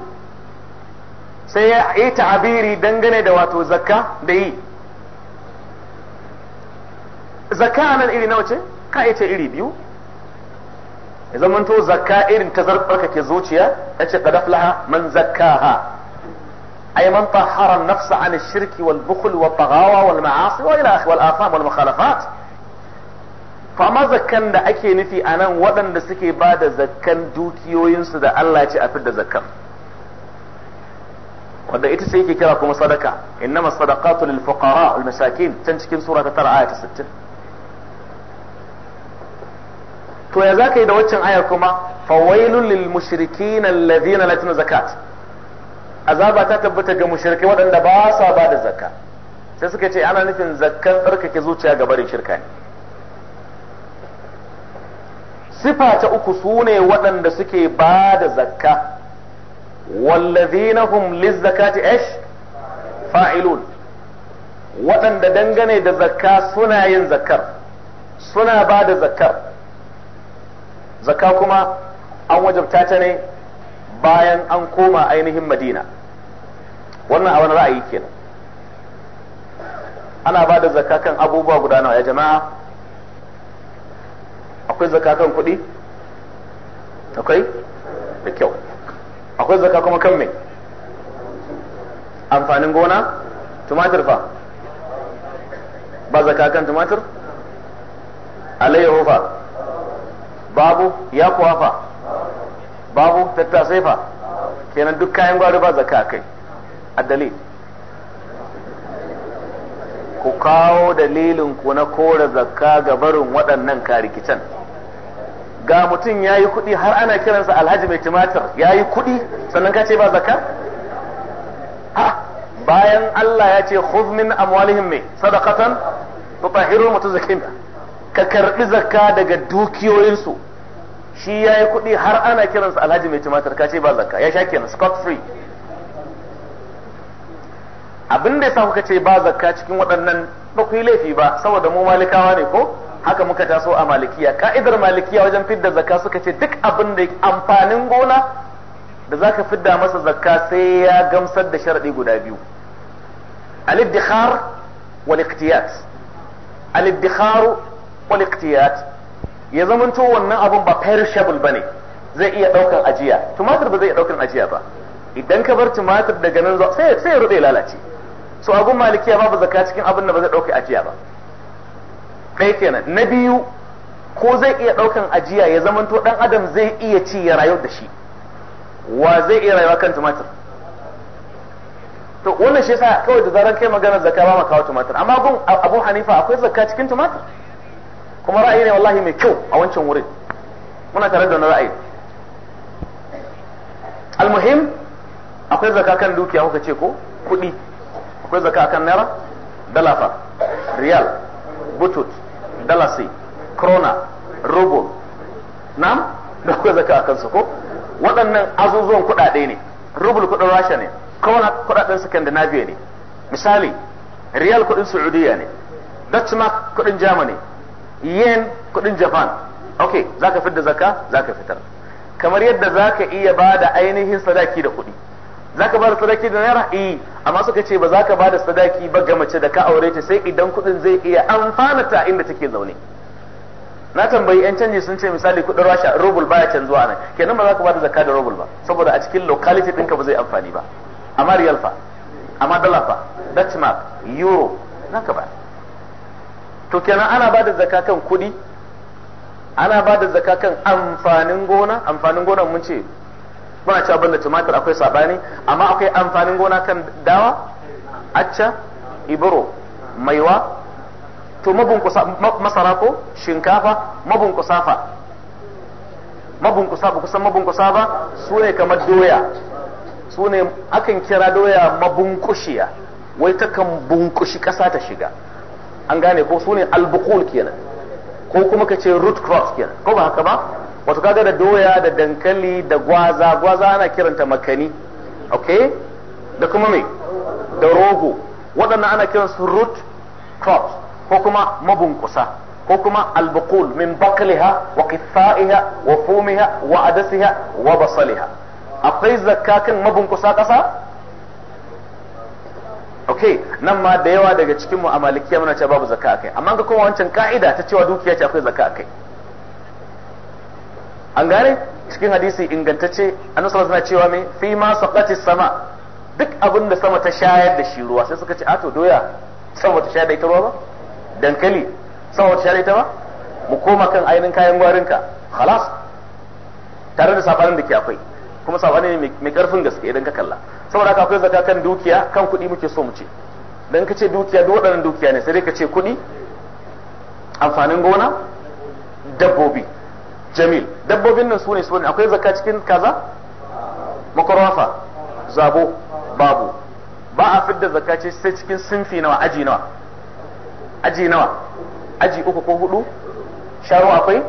Speaker 1: sai ya yi ta'abiri dangane da wato zakka da yi zakka nan iri nawa ce ka ce iri biyu ya zamanto zakka irin ta ke zuciya ya ce qad laha man ha ay man tahara an-nafsa haram ash-shirki wal bukhl wa taghawa wal ma'asi wa ila wal afam wal mukhalafat fa ma zakkan da ake nufi anan waɗanda suke ba da zakkan dukiyoyinsu da Allah ya ce a fi da zakkan wanda ita ce yake kira kuma sadaka innama sadaqatu lil fuqara wal masakin can cikin sura ta 9 aya ta 60 to ya zaka yi da waccan ayar kuma fawailul lil mushrikin alladhina la yutuna zakat azaba ta tabbata ga mushrike waɗanda ba sa ba da zakka sai suka ce ana nufin zakkan tsarkake zuciya ga barin shirka ne sifa ta uku sune waɗanda suke ba da zakka wallazinahum hum lizzakati ash fa'ilun waɗanda dangane da zakka suna yin zakkar suna ba da zakkar zakka kuma an wajabta ta ne bayan an koma ainihin madina wannan a wani ra'ayi kenan ana bada da zakka kan abubuwa guda nawa ya jama'a akwai zakka kan kuɗi akwai da kyau akwai zaka kuma kan me amfanin gona tumatir fa ba zaka kan tumatir alayyahu fa babu yakuwa fa babu tattasai fa kenan duk kayan gwari ba zaka kai a dalil ku kawo dalilin ku na kore zakka ga barin waɗannan karikicen ga mutum ya yi kuɗi har ana kiransa alhaji mai tumatir ya yi kuɗi sannan ka ce ba zakka ha bayan Allah ya ce khudh min amwalihim mai sadakatan mutu zakin, ka karbi zakka daga dukiyoyinsu shi ya yi kuɗi har ana kiransa alhaji mai tumatir ka ce ba zakka ya sha kenan scot free abin da yasa kuka ce ba zakka cikin waɗannan ba ku yi laifi ba saboda mu malikawa ne ko haka muka taso a malikiya ka'idar malikiya wajen fidda zakka suka ce duk abin da amfanin gona da zaka fidda masa zakka sai ya gamsar da sharadi guda biyu al-iddikhar wal iqtiyat al ya zamanto wannan abun ba perishable bane zai iya daukan ajiya tumatir ba zai iya daukan ajiya ba idan ka bar tumatir daga nan sai sai ya rube lalace so abun malikiya babu zakka cikin abin da ba zai dauke ajiya ba ɗaya kenan na biyu ko zai iya ɗaukan ajiya ya to ɗan adam zai iya ci ya rayu da shi wa zai iya rayuwa kan tumatir to wannan shi yasa kawai da zaran kai magana zakka ba ma kawo tumatir amma gun abu hanifa akwai zakka cikin tumatir kuma ra'ayi ne wallahi mai kyau a wancan wurin muna tare da wani ra'ayi almuhim akwai zakka kan dukiya kuka ce ko kuɗi akwai zaka akan naira dala fa riyal butut dalasi krona rubo nam da akwai zaka akan su ko waɗannan azuzuwan kuɗaɗe ne rubul kuɗin rasha ne krona kuɗaɗen scandinavia ne misali riyal kuɗin saudiya ne dutchmark kuɗin germany yen kuɗin japan ok zaka fitar da zaka zaka fitar kamar yadda zaka iya ba da ainihin sadaki da kuɗi zaka bada sadaki da naira eh amma suka ce ba za ka bada sadaki ba ga mace da ka aure ta sai idan kuɗin zai iya amfana ta inda take zaune na tambayi yan canji sun ce misali kuɗin rasha rubul baya canzuwa nan kenan ba za ka bada zakka da rubul ba saboda a cikin locality ɗinka ba zai amfani ba amma riyal fa amma dala fa dutch mark euro ka ba to kenan ana bada zakka kan kuɗi ana bada zakka kan amfanin gona amfanin gona mun ce muna cewa banda tumatir akwai sabani amma akwai amfanin gona kan dawa acca ibro maiwa to mabunkusa masara ko shinkafa mabunkusa fa mabunkusa ba kusan mabunkusa ba su ne kamar doya su ne akan kira doya mabunkushiya wai takan bunkushi ƙasa ta shiga an gane ko su ne albukul kenan ko kuma ka ce root crops kenan ko ba haka ba wato kaga da doya da dankali da gwaza gwaza ana kiranta makani okay da kuma me da rogo waɗannan ana kiransu root crops ko kuma mabunkusa ko kuma albukul min bakliha wa kifa'iha wa fumiha wa adasiha wa basaliha akwai zakka mabunkusa ƙasa ok nan ma da yawa daga cikin mu a malikiya muna cewa babu zakka akai amma ga kuma wancan ka'ida ta cewa dukiya ce akwai zakka akai an gane cikin hadisi ingantacce annabi sallallahu alaihi cewa me fi ma saqati sama duk abin da sama ta shayar da shi ruwa sai suka ce a to doya sama ta shayar da ita ruwa ba dankali sama ta shayar da ita ba mu koma kan ainihin kayan gwarinka khalas tare da safarin da ke akwai kuma safarin ne mai karfin gaske idan ka kalla saboda haka akwai zaka kan dukiya kan kuɗi muke so mu ce dan ka ce dukiya duk waɗannan dukiya ne sai dai ka ce kuɗi amfanin gona dabbobi jamil dabbobin nan sune sune akwai zakka cikin kaza makarafa zabo babu ba a fidda zakka ce sai cikin sinfi nawa aji nawa aji nawa aji uku ko hudu sharu akwai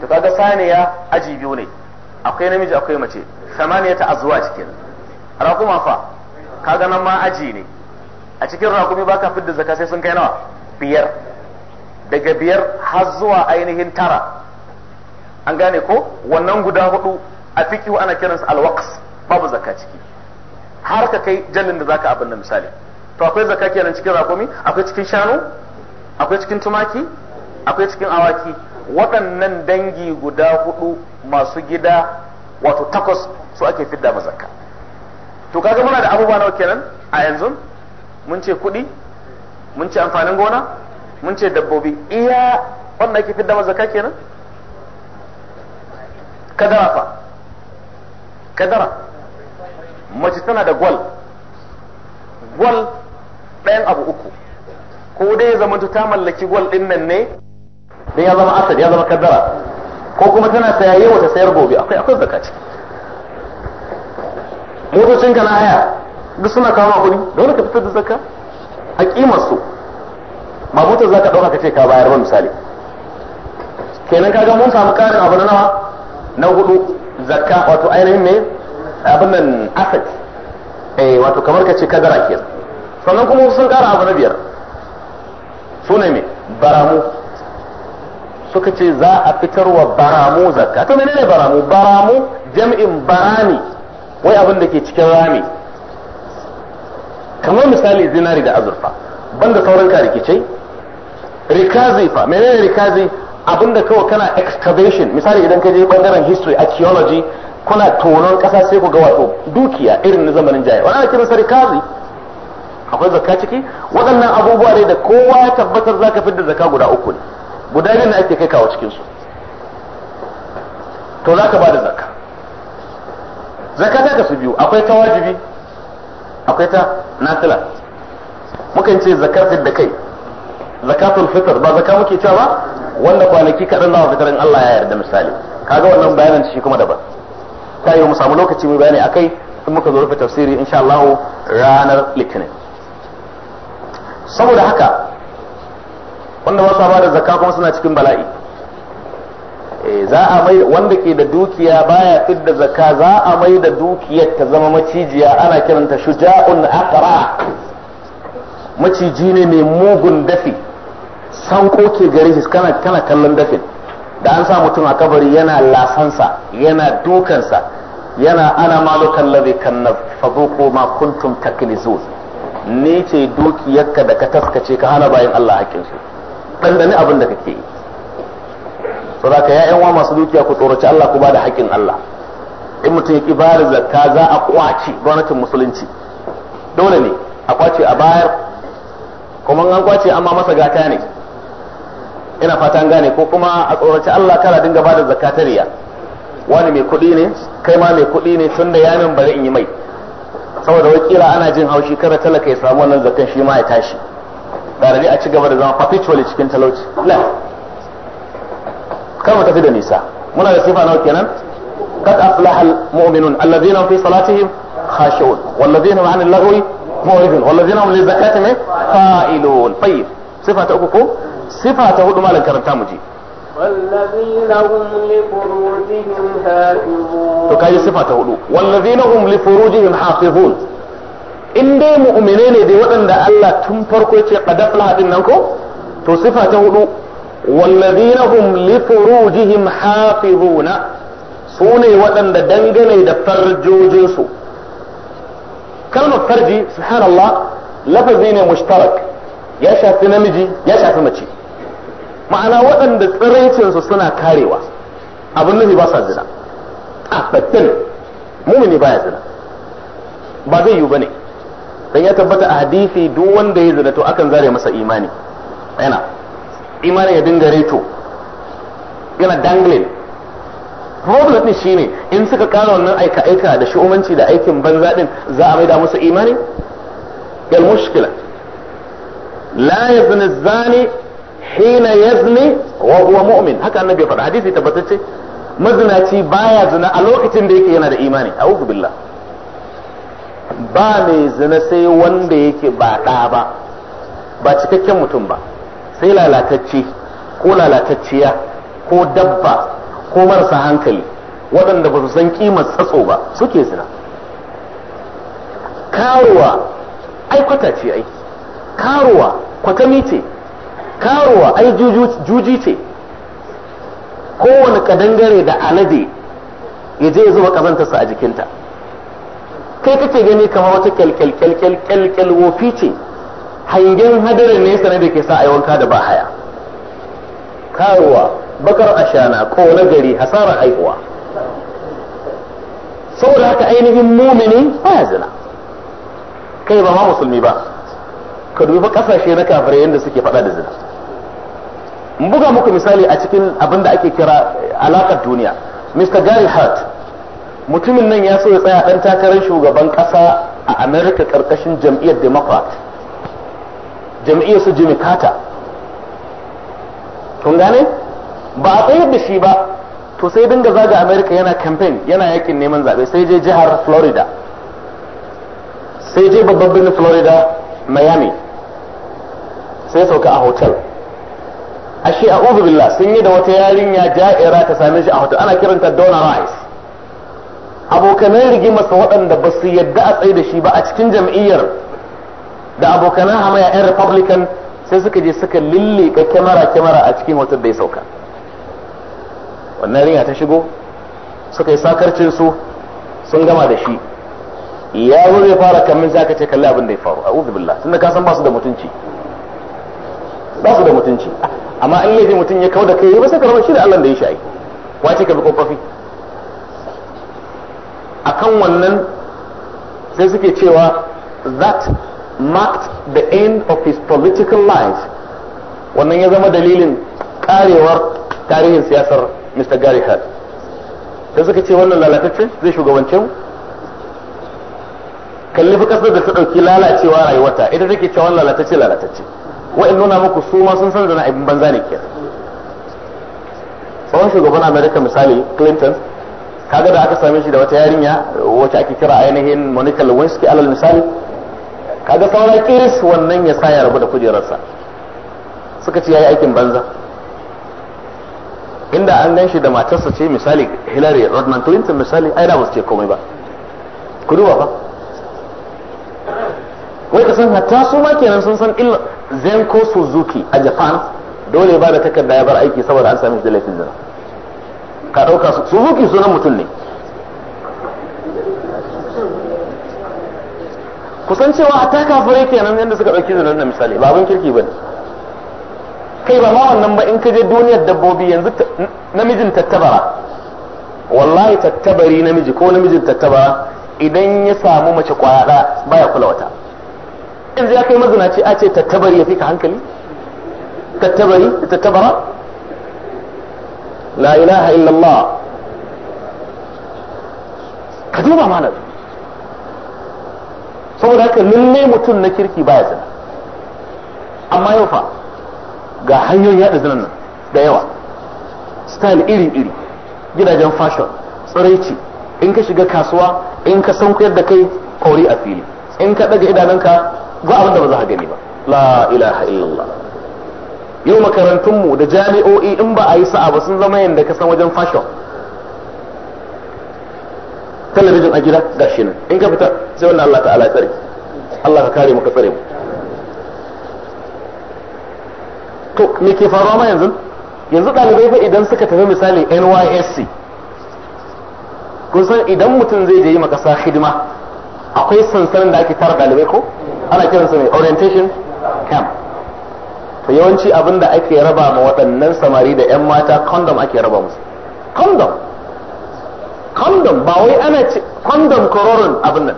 Speaker 1: to kaga saniya aji biyu ne akwai namiji akwai mace samaniya ta azuwa cikin rakuma fa kaga nan ma aji ne a cikin rakumi ka fidda zakka sai sun kai nawa biyar daga biyar har zuwa ainihin tara an gane ko wannan guda hudu a fiki ana kiransa alwaqs babu zakka ciki har ka kai jallin da zaka abin da misali to akwai zakka kenan cikin rakumi akwai cikin shanu akwai cikin tumaki akwai cikin awaki waɗannan dangi guda hudu masu gida wato takwas su ake fidda ma zakka to kaga muna da abubuwa nawa kenan a yanzu mun ce kuɗi mun ce amfanin gona mun ce dabbobi iya wannan ake fidda ma zakka kenan kadara fa kadara mace tana da gwal gwal ɗayan abu uku ko dai ya zama ta mallaki gwal ɗin nan ne don ya zama asad ya zama kadara ko kuma tana saya yi ta sayar gobe akwai akwai zaka ci motocin ka na haya duk suna kawo kuɗi dole ka fitar da zaka a kimar su ba motar zaka ɗauka ka ce ka bayar ba misali kenan kaga mun samu karin abu na nawa na hudu zakka wato ainihin ne abin nan asset eh wato kamar ka ce kadara ke sannan kuma sun kara abu na biyar su ne me baramu suka ce za a fitarwa baramu zakka to menene baramu baramu jam'in barani wai abin da ke cikin rami kamar misali zinari da azurfa banda sauran ka rikicai rikazi fa menene rikazi abinda kawai kana excavation misali idan ka je bangaren history archaeology kuna tonon kasa sai ku ga wato dukiya irin na zamanin jaya wani ana kiran kazi. akwai zakka ciki waɗannan abubuwa ne da kowa ya tabbatar zaka fidda zakka guda uku ne guda ne ake kai kawo cikin su to ka bada zakka zakka ta kasu biyu akwai ta wajibi akwai ta nafila mukan ce zakar da kai zakatul fitr ba zakka muke cewa ba wanda kwanaki kaɗan na fitarin fitar in Allah ya yarda misali kaga wannan bayanin shi kuma daban ta yi mu samu lokaci mu bayani akai in muka zo rufe tafsiri insha Allah ranar litinin saboda haka wanda ba ba da zakka kuma suna cikin bala'i eh, za a mai wanda ke da dukiya baya fit da zakka za a mai da dukiyar ta zama macijiya ana kiranta shuja'un aqra maciji ne mai mugun dafi san ke gare shi kana kana kallon dafin da an sa mutum a kabari yana lasansa yana dukansa yana ana malukan na kanna fadhuqu ma kuntum takilizu ne ce dukiyarka da ka taskace ka hana bayan Allah hakkin shi dandani abin da kake yi saboda ka 'yan wa masu dukiya ku tsoraci Allah ku bada hakkin Allah in mutum ya kibar zakka za a kwace gwamnatin musulunci dole ne a kwace a bayar kuma an kwace amma masa gata ne ina fata an gane ko kuma a tsoraci Allah kana dinga bada zakatariya wani mai kuɗi ne kai ma mai kuɗi ne tun da yamin bari in yi mai saboda wai kira ana jin haushi kada talaka ya samu wannan zakan shi ma ya tashi garabi a ci gaba da zama perpetually cikin talauci la kar mu tafi da nisa muna da sifa nawa kenan aflaha almu'minun alladhina fi salatihim صلاتهم walladhina والذين lagwi mu'ridun walladhina li zakatihim هم tayyib sifa ta uku ko. sifa ta malam karanta mu
Speaker 3: والذين هم لفروجهم حافظون
Speaker 1: تكاي صفة هدو والذين هم لفروجهم حافظون in dai mu'mine ne dai waɗanda Allah tun farko ya ce qad to sifa ta hudu walladhina hum sune waɗanda dangane da farjojinsu su kalmar farji subhanallah lafazi ne mushtarak ya shafi namiji ya shafi mace ma'ana waɗanda tsiraicinsu suna karewa abin nufi ba sa zina a ne mumini ya zina ba zai yiwu ba ne don ya tabbata a hadisi duk wanda ya zina to akan zare masa imani yana imanin ya dinga reto yana dangling problem ɗin shine in suka kara wannan aika aika da shi'umanci da aikin banza ɗin za a maida musu imani la mushkila la yazni zani hina yazni wa huwa mu'min haka annabi ya faɗa hadisi tabbatacce mazinaci baya zina a lokacin da yake yana da imani a'udhu ba mai zina sai wanda yake ba ɗa ba ba cikakken mutum ba sai lalatacce ko lalatacciya ko dabba ko marasa hankali waɗanda ba su san ƙiman tsatso ba suke zina karuwa ai kwata ai karuwa kwatami ce karuwa ai juji ce kowane kadangare da alade ya je ya zuba kazantarsa a jikinta kai kake gani kamar wata kyalkyalkyalkyalkyal wofi ce hangen hadarin nesa ne da ke sa a wanka da ba haya karuwa bakar ashana kowane gari hasarar haihuwa saboda haka ainihin mumini ya zina kai ba ma musulmi ba ka dubi kasashe na kafirai yadda suke faɗa da zina mu buga muku misali a cikin abin da ake kira eh, alakar duniya Mr. Gary Hart mutumin nan ya so ya tsaya dan takarar shugaban kasa a America karkashin jam'iyyar Democrat jam'iyyar su Jimmy Carter kun gane ba a tsayar da shi ba to sai dinga zaga America yana campaign yana yakin neman zaɓe sai je jihar Florida sai je babban birnin Florida Miami sai sauka a hotel ashe a billah sun yi da wata yarinya ja'ira ta same shi a hoto ana kiranta donor Rice abokanan rigimarsa waɗanda ba su yadda a tsaye da shi ba a cikin jam'iyyar da abokanan hamaya 'yan Republican sai suka je suka lille ka kyamara kyamara a cikin hoton da ya sauka wannan rinya ta shigo suka yi sakarcin su sun gama da shi ya zo zai fara kamin sai aka ce kalli abin da ya faru a a'udhu tun da ka san ba su da mutunci ba su da mutunci amma in yaji mutum ya kau da kai ba sai ka raba shi da Allah da ya shi wace ka bi kofofi akan wannan sai suke cewa that marked the end of his political life wannan ya zama dalilin karewar tarihin siyasar Mr. Gary Hart sai suka ce wannan lalatacce zai shugabance mu kalli fi kasar da ta ɗauki lalacewa rayuwata ita take cewa lalatacce lalatacce wa'in nuna muku su ma sun san da na abin banza ne kenan tsawon shugaban america misali clinton kaga da aka same shi da wata yarinya wacce ake kira ainihin monica lewinsky alal misali kaga saura kiris wannan ya sa ya rabu da kujerarsa suka ce yi aikin banza inda an gan shi da matarsa ce misali hillary rodman clinton misali ai da ba su ce komai ba kuduwa ba fa wai ka san hatta su ma kenan sun san illa Zenko Suzuki a Japan dole ba da takarda ya bar aiki saboda an sami da laifin zina ka dauka Suzuki sunan mutum ne kusan cewa taka kafirai kenan yadda suka dauki zina na misali ba abin kirki bane kai ba ma wannan ba in ka je duniyar dabbobi yanzu namijin tattabara wallahi tattabari namiji ko namijin tattabara idan ya samu mace kwaya baya kula wata yanzu ya kai mazinaci a ce tattabari ya fi ka hankali tattabari tattabara la ilaha illallah ka duba mana saboda haka lalle mutum na kirki baya zina amma yau fa ga hanyoyin yada zinan nan da yawa style iri-iri gidajen fashion tsiraici in ka shiga kasuwa in ka san yadda da kai kori a fili in ka daga idanunka ba abin da ba za a gani ba la ilaha illallah yau makarantunmu da jami'o'i in ba a yi sa'a ba sun zama yadda ka san wajen fashion talabijin a gida ga shi nan in ka fita sai wannan Allah ta'ala ya tsare Allah ka kare mu ka tsare mu to me ke faruwa ma yanzu yanzu ɗalibai fa idan suka tafi misali NYSC kun san idan mutum zai je yi sa hidima akwai sansanin da ake tara ɗalibai ko ana kiransa mai orientation camp to yawanci abin da ake raba ma waɗannan samari da 'yan mata condom ake raba musu condom condom ba wai ana ce condom kororin abin nan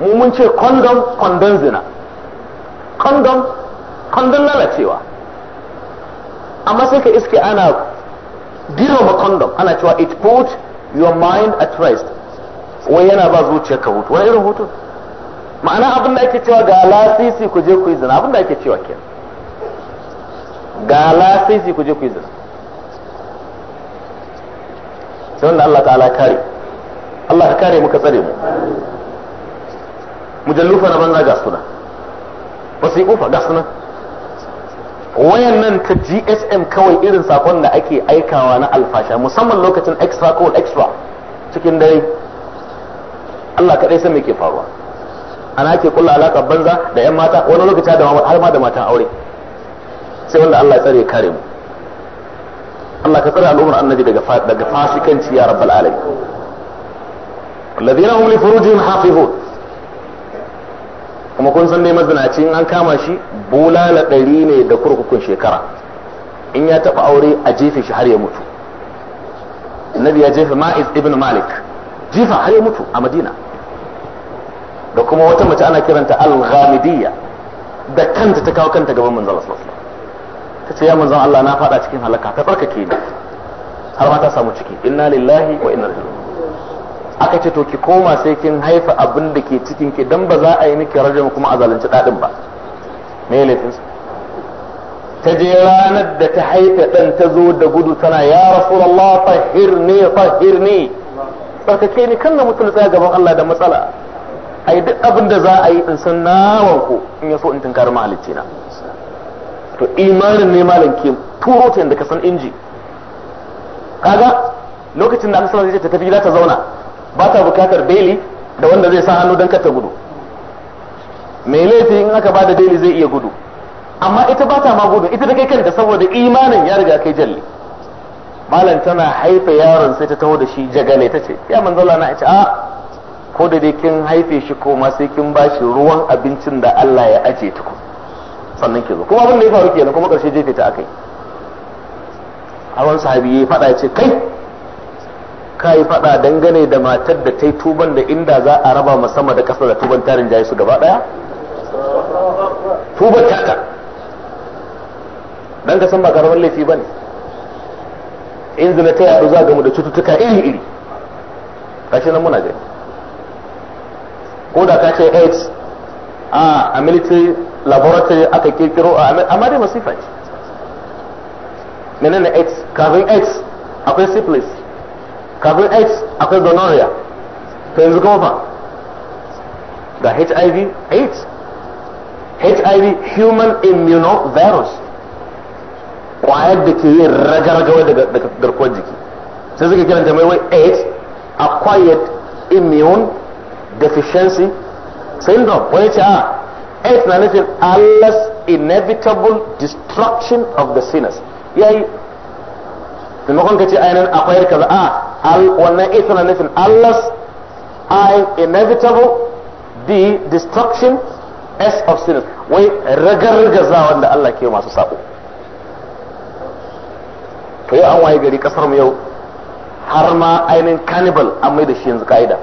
Speaker 1: mu mun ce condom condom zina condom condon lalacewa amma sai ka iske ana ma condom ana cewa it put your mind at rest wai yana ba zuciyarka hutu wani irin hutu ma'ana abin da ake cewa ga lasisi ku je ku yi zina abin da ake cewa kenan ga lasisi ku je ku yi zina sai wanda Allah ta'ala kare Allah ka kare muka tsare mu mujallufa na banza ga suna yi wasiƙufa ga suna wayan nan ta gsm kawai irin sakon da ake aikawa na alfasha musamman lokacin extra call extra cikin dare Allah kaɗai san me ke faruwa ana ake kulla alaka banza da yan mata wani lokaci da har ma da matan aure sai wanda Allah ya tsare kare mu Allah ka tsare al'ummar annabi daga daga fasikanci ya rabbal alamin alladhina hum li furujihim hafizun kuma kun san dai mazinacin an kama shi bulala ɗari ne da kurkukun shekara in ya taɓa aure a jefe shi har ya mutu annabi ya jefe ma'iz ibn malik jifa har ya mutu a madina da kuma wata mace ana kiranta al-ghamidiyya da kanta ta kawo kanta gaban manzon Allah sallallahu alaihi ta ce ya manzon Allah na fada cikin halaka ta tsarkake ni har ma ta samu ciki inna lillahi wa inna ilaihi aka ce to ki koma sai kin haifa abin da ke cikin ki dan ba za a yi miki rajam kuma a zalunci dadin ba me laifin ta je ranar da ta haifa dan ta zo da gudu tana ya rasulullah tahhirni tahhirni tsarkake ni kan na mutum tsaya gaban Allah da matsala ai duk abin da za a yi in san nawan ku in so in tunkar mahalicci na to imanin ne malam ke turo ta yadda ka san inji kaga lokacin da aka sanar ta tafi za ta zauna ba ta bukatar beli da wanda zai sa hannu don kar ta gudu mai laifi in aka bada beli zai iya gudu amma ita ba ta ma gudu ita da kai kanta saboda imanin ya riga kai jalli malam tana haifa yaron sai ta taho da shi jagale ta ce ya manzo na ce a ah, ko da dai kin haife shi ko ma sai kin bashi ruwan abincin da Allah ya aje ku sannan ke zo kuma abin da ya faru kenan kuma karshe jefe ta akai awan sahabi ya faɗa ya ce kai ka yi faɗa dangane da matar da ta yi tuban da inda za a raba ma sama da ƙasa da tuban tarin jaye su gaba ɗaya tuban taka dan ka san ba karamar laifi ba ne in zina ta yaɗu za gamu da cututtuka iri iri gashi nan muna gani ko da ka ce aids a a military laboratory aka kirkiro a amma dai masifa ce menene aids kafin aids akwai syphilis kafin aids akwai gonorrhea ta yanzu kuma fa ga hiv aids hiv human immunovirus kwayar da ke yin ragargawa daga garkuwar jiki sai suka kiranta mai wai aids acquired immune deficiency syndrome wani ce a ah, eight na nufin Allah's inevitable destruction of the sinners yayi taimakon ka ce ainihin akwai kaza a ah, wannan eight na nufin Allah's i inevitable the destruction s of sinners wai ragargaza wanda Allah ke masu sabo to yau an waye gari kasar mu yau har ma ainihin cannibal an mai da shi yanzu ka'ida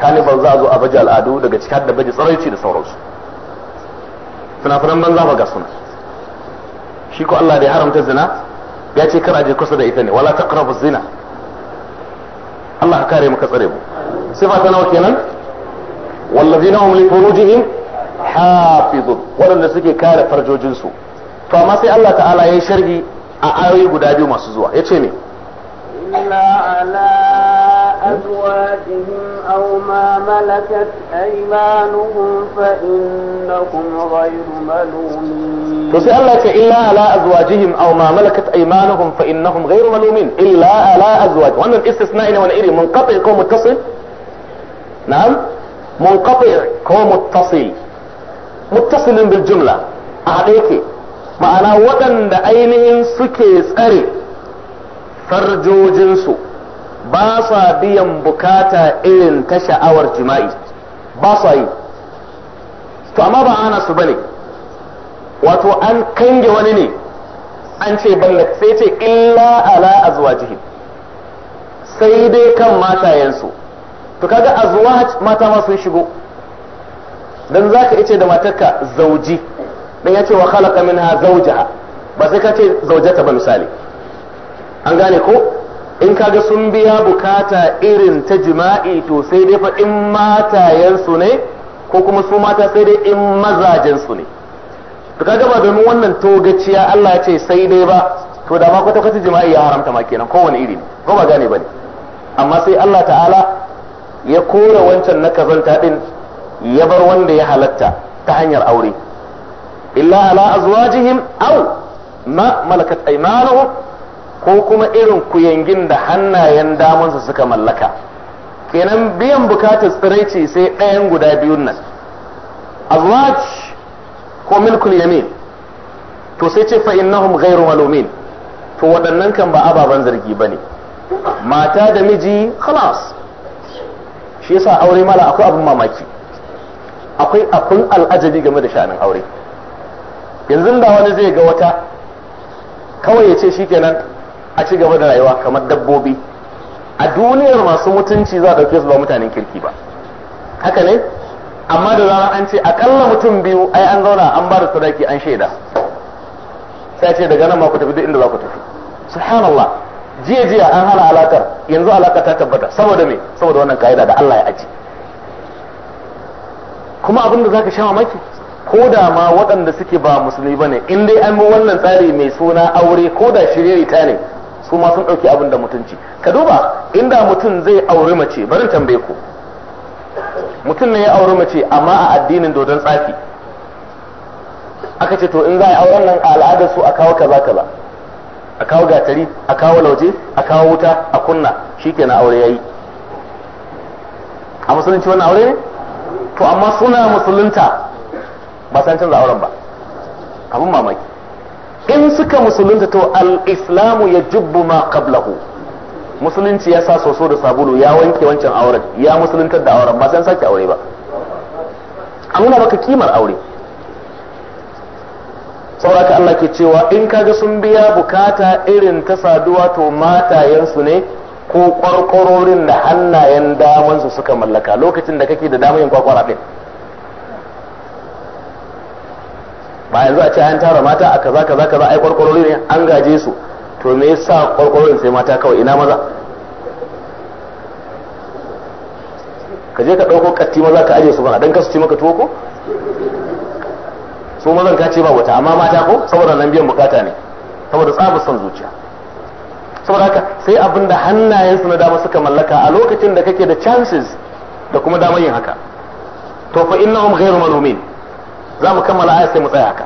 Speaker 1: kaliban za a zo a baje al'adu daga cikin da baje tsaraici da sauransu fina-finan banza ba ga suna shi ko Allah da ya haramta zina ya ce kar je kusa da ita ne wala taqrabu zina Allah kare maka tsare mu sifa ta nawa kenan wallazina hum li furujihim hafizun waɗanda suke kare farjojinsu to amma sai Allah ta'ala ya sharhi a ayoyi guda biyu masu zuwa yace ne
Speaker 3: illa ala أزواجهم أو ما ملكت أيمانهم فإنهم غير ملومين تسي الله إلا على أزواجهم
Speaker 1: أو ما ملكت أيمانهم فإنهم غير ملومين إلا على أزواج وأن الاستثناء وأن إيري منقطع كو متصل نعم منقطع كو متصل متصل بالجملة أعطيك معناه ودن دعينهم سكيس أري فرجو جنسو ba sa biyan bukata irin ta sha'awar jima'i ba sa yi to amma ba ana su bane wato an kange wani ne an ce balla sai ce illa ala azwajihi sai dai kan matayensu to kaga azwaj mata ma sun shigo dan zaka ice da matarka zauji dan yace wa khalaqa minha zawjaha ba sai ka ce zaujata ba misali an gane ko in kaga sun biya bukata irin ta jima'i to sai dai fa in matayensu ne ko kuma su mata sai dai in mazajensu ne to kaga ba domin wannan togaciya Allah ya ce sai dai ba to da ma kwata kwata jima'i ya haramta ma kenan kowane iri ne, ko ba gane bane amma sai Allah ta'ala ya kora wancan na kazanta din ya bar wanda ya halatta ta hanyar aure illa ala azwajihim aw ma malakat aymanuhum ko kuma irin kuyangin da hannayen damansa suka mallaka kenan biyan bukatar tsiraici sai ɗayan guda biyun nan azwaj ko milkul yamin to sai ce fa innahum ghairu malumin to waɗannan kan ba ababen zargi bane mata da miji khalas shi yasa aure mala akwai abin mamaki akwai abin al'ajabi game da sha'anin aure yanzu da wani zai ga wata kawai ya ce kenan. a ci gaba da rayuwa kamar dabbobi a duniyar masu mutunci za a dauke su ba mutanen kirki ba haka ne amma da zarar an ce akalla mutum biyu ai an zauna an ba da sadaki an shaida sai ce daga nan ma ku tafi duk inda za ku tafi subhanallah jiya jiya an hana alakar yanzu alaka ta tabbata saboda me saboda wannan ka'ida da Allah ya aji kuma abin da zaka sha mamaki
Speaker 3: ko da ma waɗanda
Speaker 1: suke ba musulmi bane in dai an bi wannan tsari mai suna aure ko da shiriri ta ne su ma sun ɗauki abin da mutunci ka duba inda mutum zai aure mace in tambaye ku mutum ne ya aure mace amma a addinin dodon tsafi aka ce to in za a auren nan a al'adar su a kawo kaza kaza a kawo gatari a kawo lauje a kawo wuta a kunna
Speaker 3: shikenan aure yayi
Speaker 1: a musulunci wannan aure ne to amma suna musulunta ba san canza auren ba abun mamaki in suka musulunta to al-islamu ya jubbu ma qablahu musulunci ya sa soso da sabulu ya wanke wancan auren ya musuluntar da auren ba san sake aure ba a nuna maka kimar aure sauraka Allah ke cewa in kaga sun biya bukata irin ta saduwa to matayensu ne ko kwarkwarorin da hannayen damansu suka mallaka lokacin da kake da damar kwakwara din ba yanzu a ce an tara mata a kaza kaza kaza ai kwarkwarori ne an gaje su to me yasa kwarkwarorin sai mata kawai ina maza ka je ka ɗauko katti maza ka aje su ba dan kasu ci maka tuwo ko su mazan ka ce ba wata amma mata ko saboda nan biyan bukata ne saboda tsabar son zuciya saboda haka sai abinda hannayen hannayensu na dama suka mallaka a lokacin da kake da chances da kuma damar yin haka to fa innahum ghayru malumin za mu kammala aya sai mu tsaya haka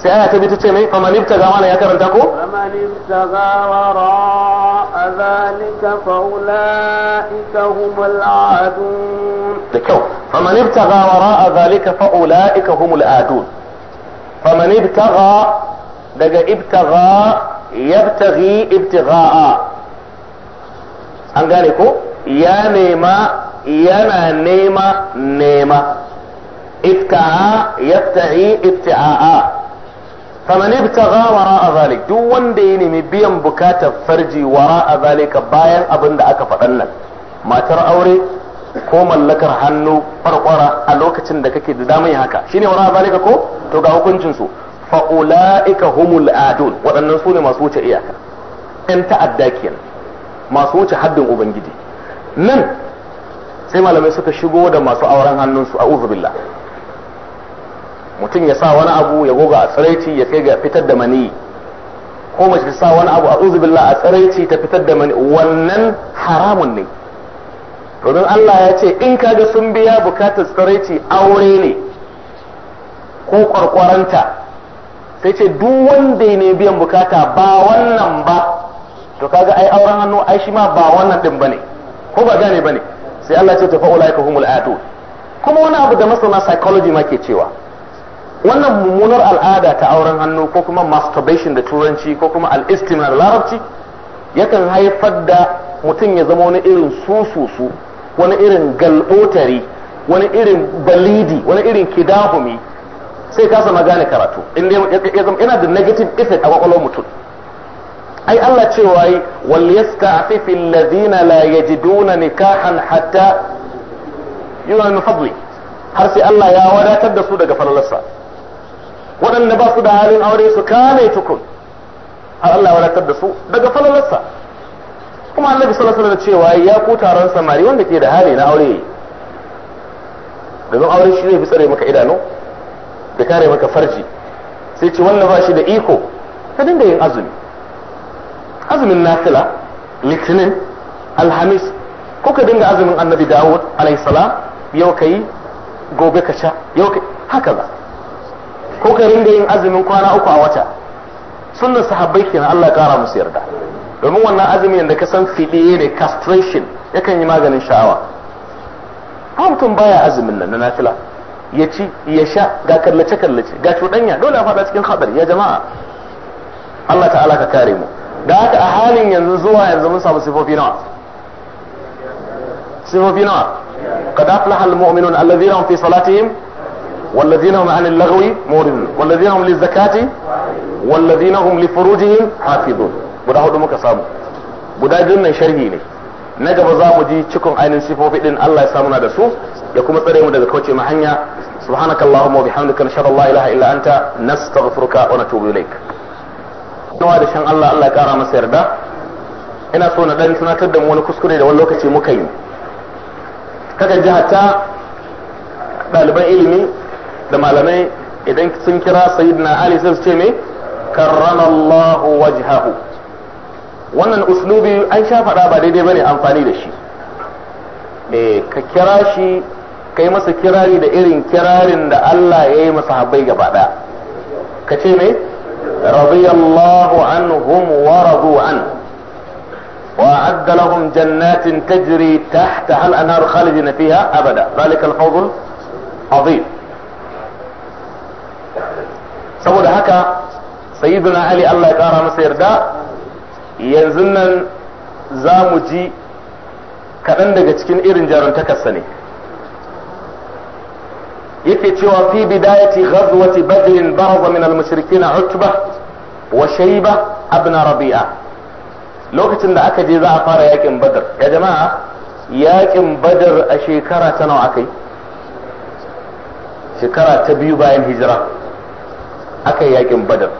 Speaker 1: sai aya ta bi ta ce mai fa faman ga wani ya karanta ko fa
Speaker 3: faman ga wara zalika fa
Speaker 1: ulaika humul adun da kyau faman ibtaga wara zalika fa ulaika humul adun faman ibtaga daga ibtaga yabtaghi ibtigha'a an gane ko ya nema yana nema nema ifka'a yafta'i ifti'a'a
Speaker 3: faman ibtagha wara'a
Speaker 1: zalik duk wanda ya nemi biyan bukatar farji wara'a zalika bayan abin da aka faɗan nan matar aure ko mallakar hannu farkwara a lokacin da kake da damar haka shine wara'a zalika ko to ga hukuncin su fa ulaika humul adun su ne masu wuce iyaka ɗan ta'adda kenan masu wuce haddin ubangiji nan sai malamai suka shigo da masu auren hannunsu a billah mutum ya sa wani abu ya goga a tsiraici ya kai ga fitar da mani ko mace ta sa wani abu a uzubillah a tsiraici ta fitar da mani wannan haramun ne to don Allah ya ce in kaga sun biya bukatar tsiraici aure ne ko kwarkwaranta sai ce duk wanda ne biyan bukata ba wannan ba to kaga ai auren hannu ai shi ma ba wannan din bane ko ba gane bane sai Allah ce ta fa'ulaika humul ayatu kuma wani abu da masana psychology ma ke cewa wannan mummunar al'ada ta auren hannu ko kuma masturbation da turanci ko kuma al'istimar larabci yakan haifar da mutum ya zama wani irin sususu wani irin galbotari wani irin balidi wani irin kidahumi sai kasa sama gane karatu yana da negative effect a kwakwalwar mutum ai Allah cewa yi wal yasta'fifi alladhina la yajiduna nikahan hatta yu'minu fadli har sai Allah ya wadatar da su daga falalarsa waɗanda ba su da halin aure su kame tukun har Allah ya da su daga falalarsa kuma annabi lasa da cewa ya ku taron samari wanda ke da hali na aure domin aure shi ne fi tsare maka idanu da kare maka farji sai ce wannan ba shi da iko ka dinga yin azumi azumin nafila litinin alhamis ko ka dinga azumin annabi dawud alaihi salam yau ka yi gobe ka sha yau ka haka ba ko ka ringa yin azumin kwana uku a wata sunnan sahabbai kenan Allah kara musu yarda domin wannan azumin da ka san fidiye ne castration yakan yi maganin sha'awa ba mutum baya azumin nan na nafila ya ci ya sha ga kallace kallace ga cuɗanya dole a faɗa cikin haɗari ya jama'a Allah ta'ala ka kare mu da haka a halin yanzu zuwa yanzu mun samu sifofi nawa sifofi nawa qad aflaha almu'minun alladhina fi salatihim والذين هم عن اللغو موردون والذين هم للزكاة والذين هم لفروجهم حافظون guda hudu muka samu guda biyun nan sharhi ne na gaba za mu ji cikon ainihin sifofi din Allah ya samu na da su ya kuma tsare mu daga kauce ma hanya subhanakallahumma wa bihamdika nashhadu an la ilaha illa anta nastaghfiruka wa natubu ilaik nawa da shan Allah Allah ya kara masa yarda ina so na dan tunatar da mu wani kuskure da wani lokaci muka yi kakan jihata ɗaliban ilimi da malamai idan sun kira sayyidina ali sai su ce me karramallahu wajhahu wannan uslubi an sha faɗa ba daidai bane amfani da shi eh ka kira shi kai masa kirari da irin kirarin da Allah ya yi masa habbai gaba ɗaya ka ce me radiyallahu anhum wa radu an wa وأعد لهم جنات تجري تحتها الأنهار خالدين فيها أبدا ذلك الفوز azim saboda haka sayyiduna ali Allah ya kara masa yarda yanzu nan za mu ji kaɗan daga cikin irin takarsa ne yake cewa fi bidayati ghazwati badrin baraza min al-mushrikin utba wa shayba ibn rabi'a lokacin da aka je za a fara yakin badar ya jama'a yakin badar a shekara ta nawa akai shekara ta biyu bayan hijira aka yi yakin badar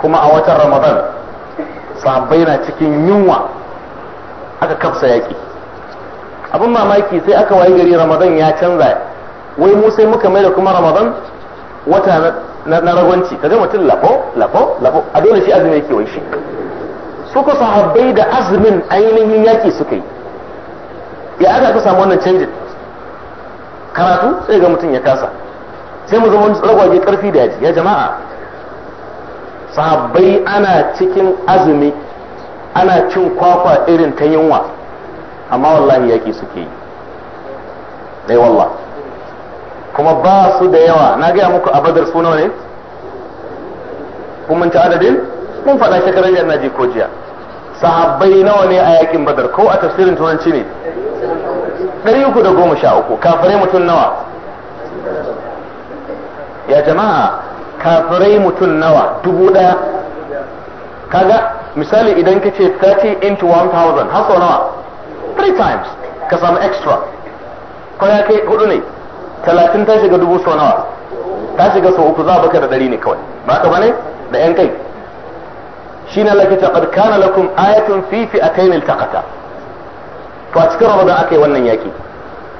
Speaker 1: kuma a watan ramadan sahabbai na cikin yunwa aka kafsa yaki abin mamaki sai aka waye gari ramadan ya canza wai mu sai muka mai da kuma ramadan wata na ragwanci kaga mutum labo labo labo a dole shi azumi yake wai shi suka sahabbai da azumin ainihin yaki suka yi ya aka aka samu wannan canjin karatu sai ga mutum ya kasa sai mu zama wani tsaragwaje karfi da yaji ya jama'a sahabbai ana cikin azumi ana cin kwakwa irin ta yunwa amma wallahi yaki suke yi dai wallah kuma ba su da yawa na gaya muku a badar suna ne Kuma ta adadin mun faɗa shekarar yana ji ko jiya sahabbai nawa ne a yakin badar ko a tafsirin turanci ne 313 kafirai mutum nawa ya jama'a kafirai mutum nawa dubu ɗaya kaga misali idan ka ce 30 into 1000 haso nawa 3 times ka samu extra ko ya kai hudu ne 30 ta shiga dubu so nawa ta shiga sau uku za baka da dari ne kawai ba ka bane da yan kai shi Allah ya ce kana lakum ayatun a fi'atayn takata to a cikin da aka yi wannan yaki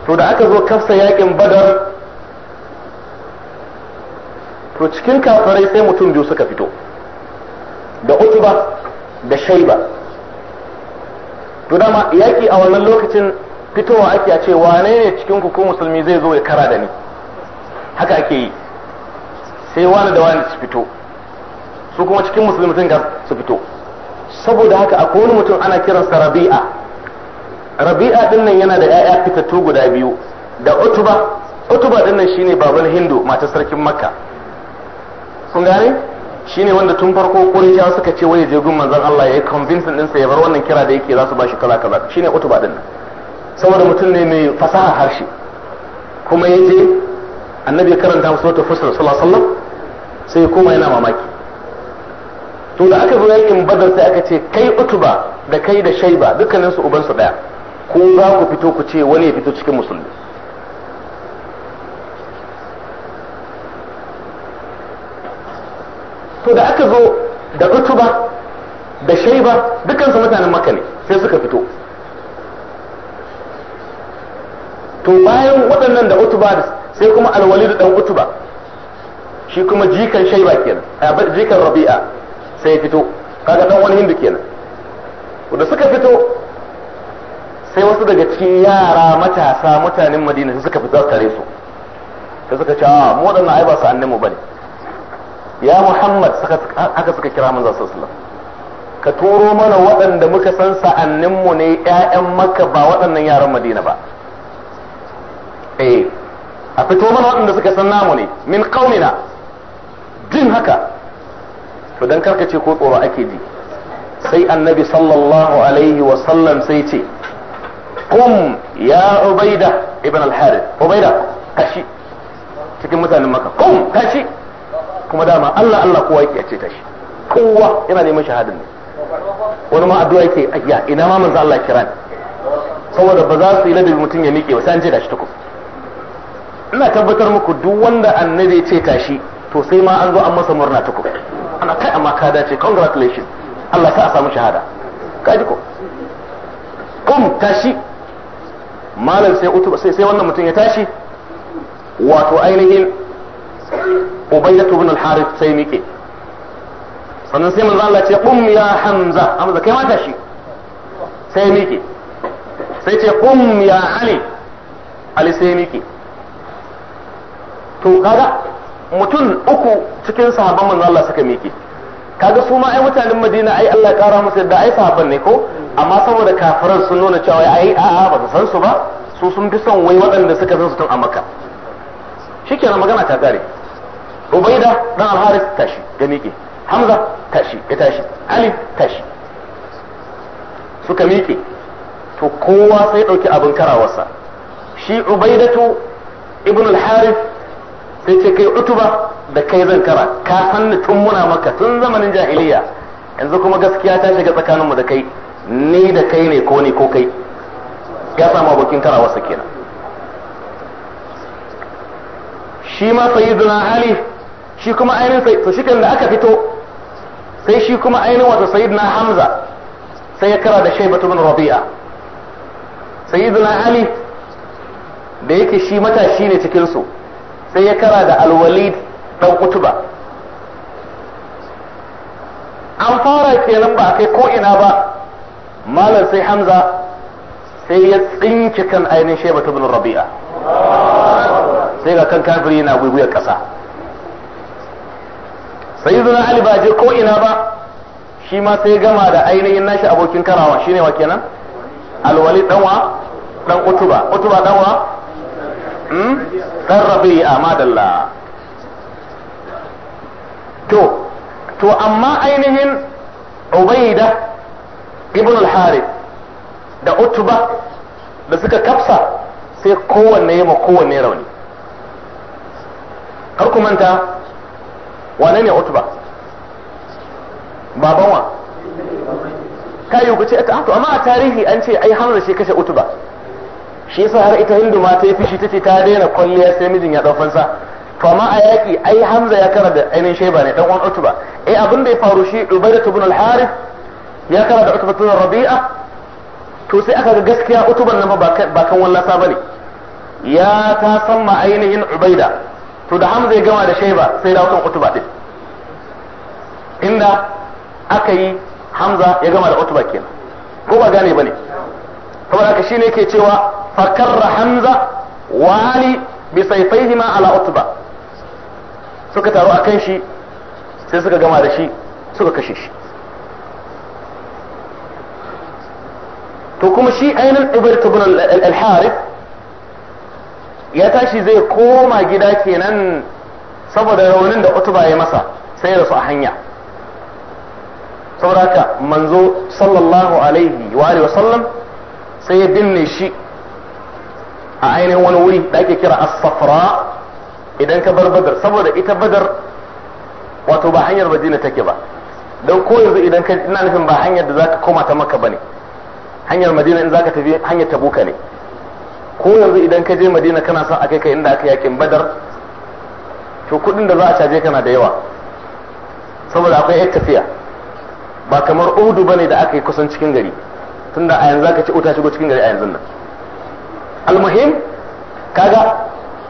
Speaker 1: to da aka zo kafsa yakin Badar to cikin kafirai sai mutum biyu suka fito da utuba da shaiba to dama yaki a wannan lokacin fitowa ake a ce wane ne cikin ku ko musulmi zai zo ya kara da ni haka ake yi sai wani da wani su fito su kuma cikin musulmi ga su fito saboda haka a kowane mutum ana kiransa rabi'a rabi'a din nan yana da 'ya'ya fitattu guda biyu da utuba utuba din nan shine baban hindu matar sarkin makka sun gane shine wanda tun farko ƙurija suka ce wani je gun manzon Allah yayi convincing din sa ya bar wannan kira da yake za su ba shi kaza kaza shine utuba din saboda mutum ne mai fasaha harshe kuma je annabi karanta musu wata fusul sallallahu alaihi wasallam sai ya koma yana mamaki to da aka zo yakin badar sai aka ce kai utuba da kai da shaiba dukkanin su daya ko za ku fito ku ce wani ya fito cikin musulmi to da aka zo da utuba da shaiba dukansu mutanen maka ne sai suka fito to bayan waɗannan da utuba sai kuma alwali da ɗan utuba shi kuma jikan shaiba kenan jikan rabi'a sai ya fito kaga ɗan wani hindu kenan da suka fito sai wasu daga cikin yara matasa mutanen madina suka fito tare su sai suka ce a ah, mu waɗannan ai ba su mu bane ya muhammad haka suka kira manzo sallallahu ka turo mana waɗanda muka san sa'anninmu ne 'ya'yan makka ba waɗannan yaran madina ba eh a fito mana waɗanda suka san namu ne min qaumina jin haka to dan karkace ko tsoro ake ji sai annabi sallallahu alaihi wa sallam sai ce kum ya ubaida ibn al-harith ubaida kashi cikin mutanen maka kum kashi kuma dama Allah Allah kowa yake ce ta shi kowa yana neman shahadin ne wani ma addu'a yake ayya ina ma manzo Allah kira saboda ba za su yi ladabi mutum ya miƙe ba sai an ce tashi tukun ina tabbatar muku duk wanda annabi ya ce tashi to sai ma an zo an masa murna tukun ana kai amma ka dace congratulations Allah sa a samu shahada ka ji ko kum tashi malam sai utu sai wannan mutum ya tashi wato ainihin ubaydatu bin al-harith sai miƙe sannan sai manzo Allah ce qum ya hamza hamza kai ma tashi sai miƙe sai ce qum ya ali ali sai miƙe to kaga mutum uku cikin sahabban manzo Allah suka miƙe kaga su ma ai mutanen Madina ai Allah ƙara kara musu da ai sahabban ne ko amma saboda kafiran sun nuna cewa ai a ba su san su ba su sun fi son wai waɗanda suka san su tun a Makka shikenan magana ta gare ubaida dan al-haris tashi ga miƙe hamza tashi ya tashi ali tashi suka miƙe to kowa sai ɗauki abin karawarsa shi ubaidatu ibn al-haris sai kai utuba da kai zan kara ka san ni tun muna maka tun zamanin jahiliya yanzu kuma gaskiya ta shiga tsakaninmu da kai ni da kai ne ko ni ko kai ya samu abokin karawarsa kenan shi ma sayyiduna ali shi kuma ainihin su shi da aka fito sai shi kuma ainihin wato sayyidina hamza sai ya kara da shaibatu bin rabi'a sayyidina ali da yake shi matashi ne cikin su sai ya kara da alwalid dan kutuba an fara kenan ba a kai ko ina ba malam sai hamza sai ya tsinci kan ainihin shaibatu bin rabi'a sai ga kan kafiri yana gwiwuyar ƙasa sayyiduna ali ba je ko ina ba shi ma sai gama da ainihin nashi abokin karawa ne wa kenan alwali danwa dan utuba utuba danwa hmm dan rabi'a madalla to to amma ainihin ubaida ibn al-harith da utuba da suka kafsa sai kowanne ya ma kowanne rauni har ku manta wane ne utba baban wa kayu ku ce ta to amma a tarihi an ce ai hamza shi kashe utba shi yasa har ita hindu ma ta yi fishi tace ta daina kwalliya sai mijin ya dau sa to amma a yaki ai hamza ya kara da ainihin sheba ne dan uwan utba eh abin da ya faru shi ubayda ibn al-harith ya kara da utba ibn rabi'a to sai aka ga gaskiya utuban nan ba kan wallasa bane ya ta san ma ainihin ubaida to da hamza ya gama da shaiba sai dawo kan utuba din inda aka yi hamza ya gama da utuba kenan ko ba gane bane saboda haka shine yake cewa fakarra hamza wali ali bi sayfaihima ala utuba suka taro akan shi sai suka gama da shi suka kashe shi to kuma shi ainihin ibn al-harith ya tashi zai koma gida kenan saboda raunin da utuba ya masa sai su a hanya saboda haka manzo sallallahu alaihi wa alihi wa sallam sai ya binne shi a ainihin wani wuri da ake kira as-safra idan ka bar badar saboda ita badar wato ba hanyar madina take ba don ko yanzu idan ka ina nufin ba hanyar da zaka koma ta makka bane hanyar madina in zaka tafi hanyar tabuka ne ko yanzu idan ka je madina kana son a kai ka inda aka yakin badar to kudin da za a caje kana da yawa saboda akwai yan tafiya ba kamar udu bane da aka yi kusan cikin gari tunda a yanzu ka ci uta shigo cikin gari a yanzu nan almuhim kaga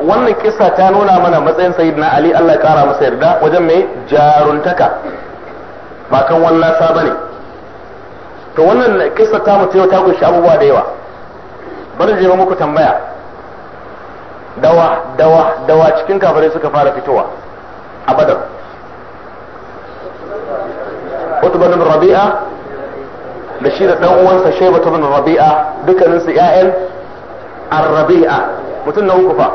Speaker 1: wannan kissa ta nuna mana matsayin sayyidina ali Allah ya kara masa yarda wajen mai jaruntaka ba kan wallasa bane to wannan kissa ta mutu ta kunshi abubuwa da yawa bari zai muku tambaya dawa dawa dawa cikin kafirai suka fara fitowa a badar Utba bin Rabi'a da shi da dan uwansa Shayba bin Rabi'a dukkanin su ƴaƴan Ar-Rabi'a mutum na uku fa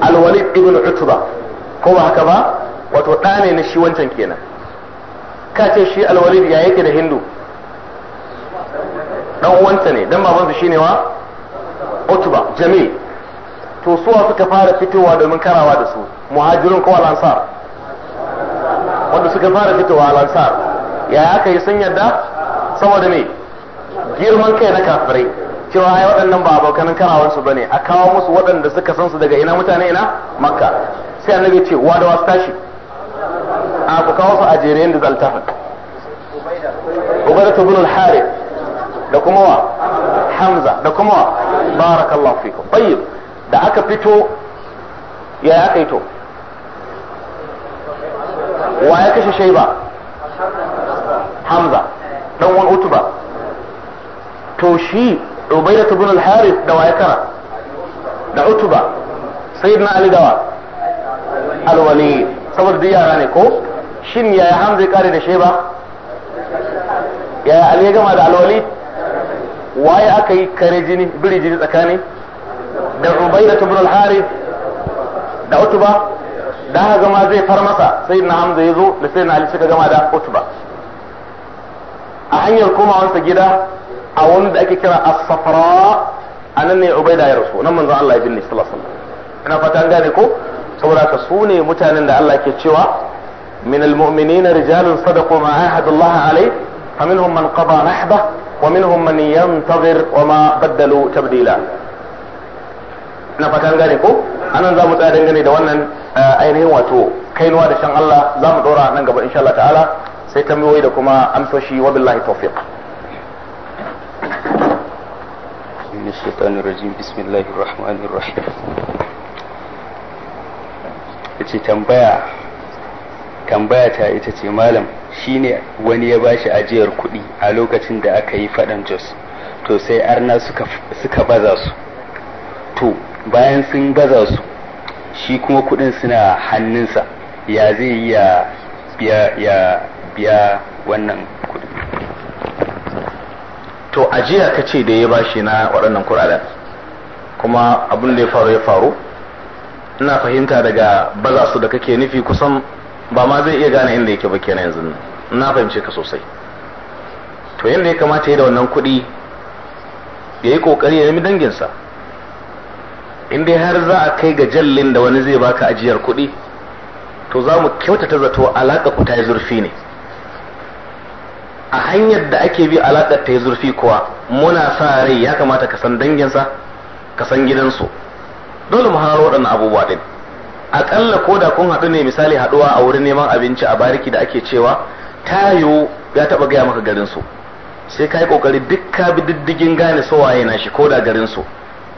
Speaker 1: al ibn Utba ko ba haka ba wato ɗane na shi wancan kenan ka ce shi al ya yake da Hindu dan uwanta ne dan babansa shine wa utba jamil to suwa suka fara fitowa domin karawa da su muhajirun ko al-ansar wanda suka fara fitowa al-ansar ya aka yi sun yadda saboda me girman kai na kafirai cewa ai waɗannan ba abokan karawar su bane a kawo musu waɗanda suka san su daga ina mutane ina makka sai annabi ce wa da wasu tashi a ku kawo su a jere yadda zaltafin ubaidatu bin al-harith da kuma wa hamza da kuma wa barakallahu fikum tayyib da aka fito ya aka yi to
Speaker 3: wa ya kashe shaiba hamza dan wani utuba
Speaker 1: to shi ubayda ibn al-harith da wa ya kara da utuba sayyidina ali dawa al-wali saboda duk yara ne ko shin yaya hamza ya kare da shaiba
Speaker 3: yaya ali ya gama da al-wali
Speaker 1: waye aka yi kare jini biri jini tsakani da Ubaida ibn al-Harith da Utba da ha gama zai far masa sai na Hamza ya zo da sai na Ali suka gama da Utba a hanyar komawansa gida a wani da ake kira as safra anan ne Ubaida ya rasu nan manzon Allah ya binne sallallahu alaihi wasallam ina fata gane ko saboda ka su mutanen da Allah ke cewa min al-mu'minina rijalun sadaqu ma فمنهم من قضى نحبه ومنهم من ينتظر وما بدلوا تبديلا na fatan gane ko anan za mu tsaya dangane da wannan ainihin wato kainuwa da shan Allah za mu dora nan gaba insha Allah ta'ala sai tambayoyi da kuma amsoshi wa billahi tawfiq
Speaker 2: من الشيطان الرجيم بسم الله الرحمن ce tambaya ta ita ce malam shine wani ya bashi ajiyar kuɗi a lokacin da aka yi faɗan jos to sai arna suka, suka baza su to bayan sun baza su shi kuma kuɗin suna hannunsa ya zai yi ya biya wannan kuɗi to ajiya ka ce da ya bashi na waɗannan kuɗaɗen kuma abin da ya faru ya faru
Speaker 1: ina fahimta daga baza su da kake nufi kusan ba ma zai iya gane inda yake ba kenan yanzu na fahimce ka sosai to yadda ya kamata ya da wannan kuɗi ya yi ƙoƙari ya nemi danginsa in dai har za a kai ga jallin da wani zai baka ajiyar kuɗi to za mu kyautata zato alaƙa ku ta yi zurfi ne a hanyar da ake bi alaƙa ta yi zurfi kuwa muna sa rai ya kamata ka san danginsa ka san gidansu dole mu haro waɗannan abubuwa ɗin akalla ko da kun haɗu ne misali haɗuwa a wurin neman abinci a bariki da ake cewa tayo ya taɓa gaya maka garin su sai ka yi ƙoƙari duk ka bi diddigin gane waye na shi ko da garin su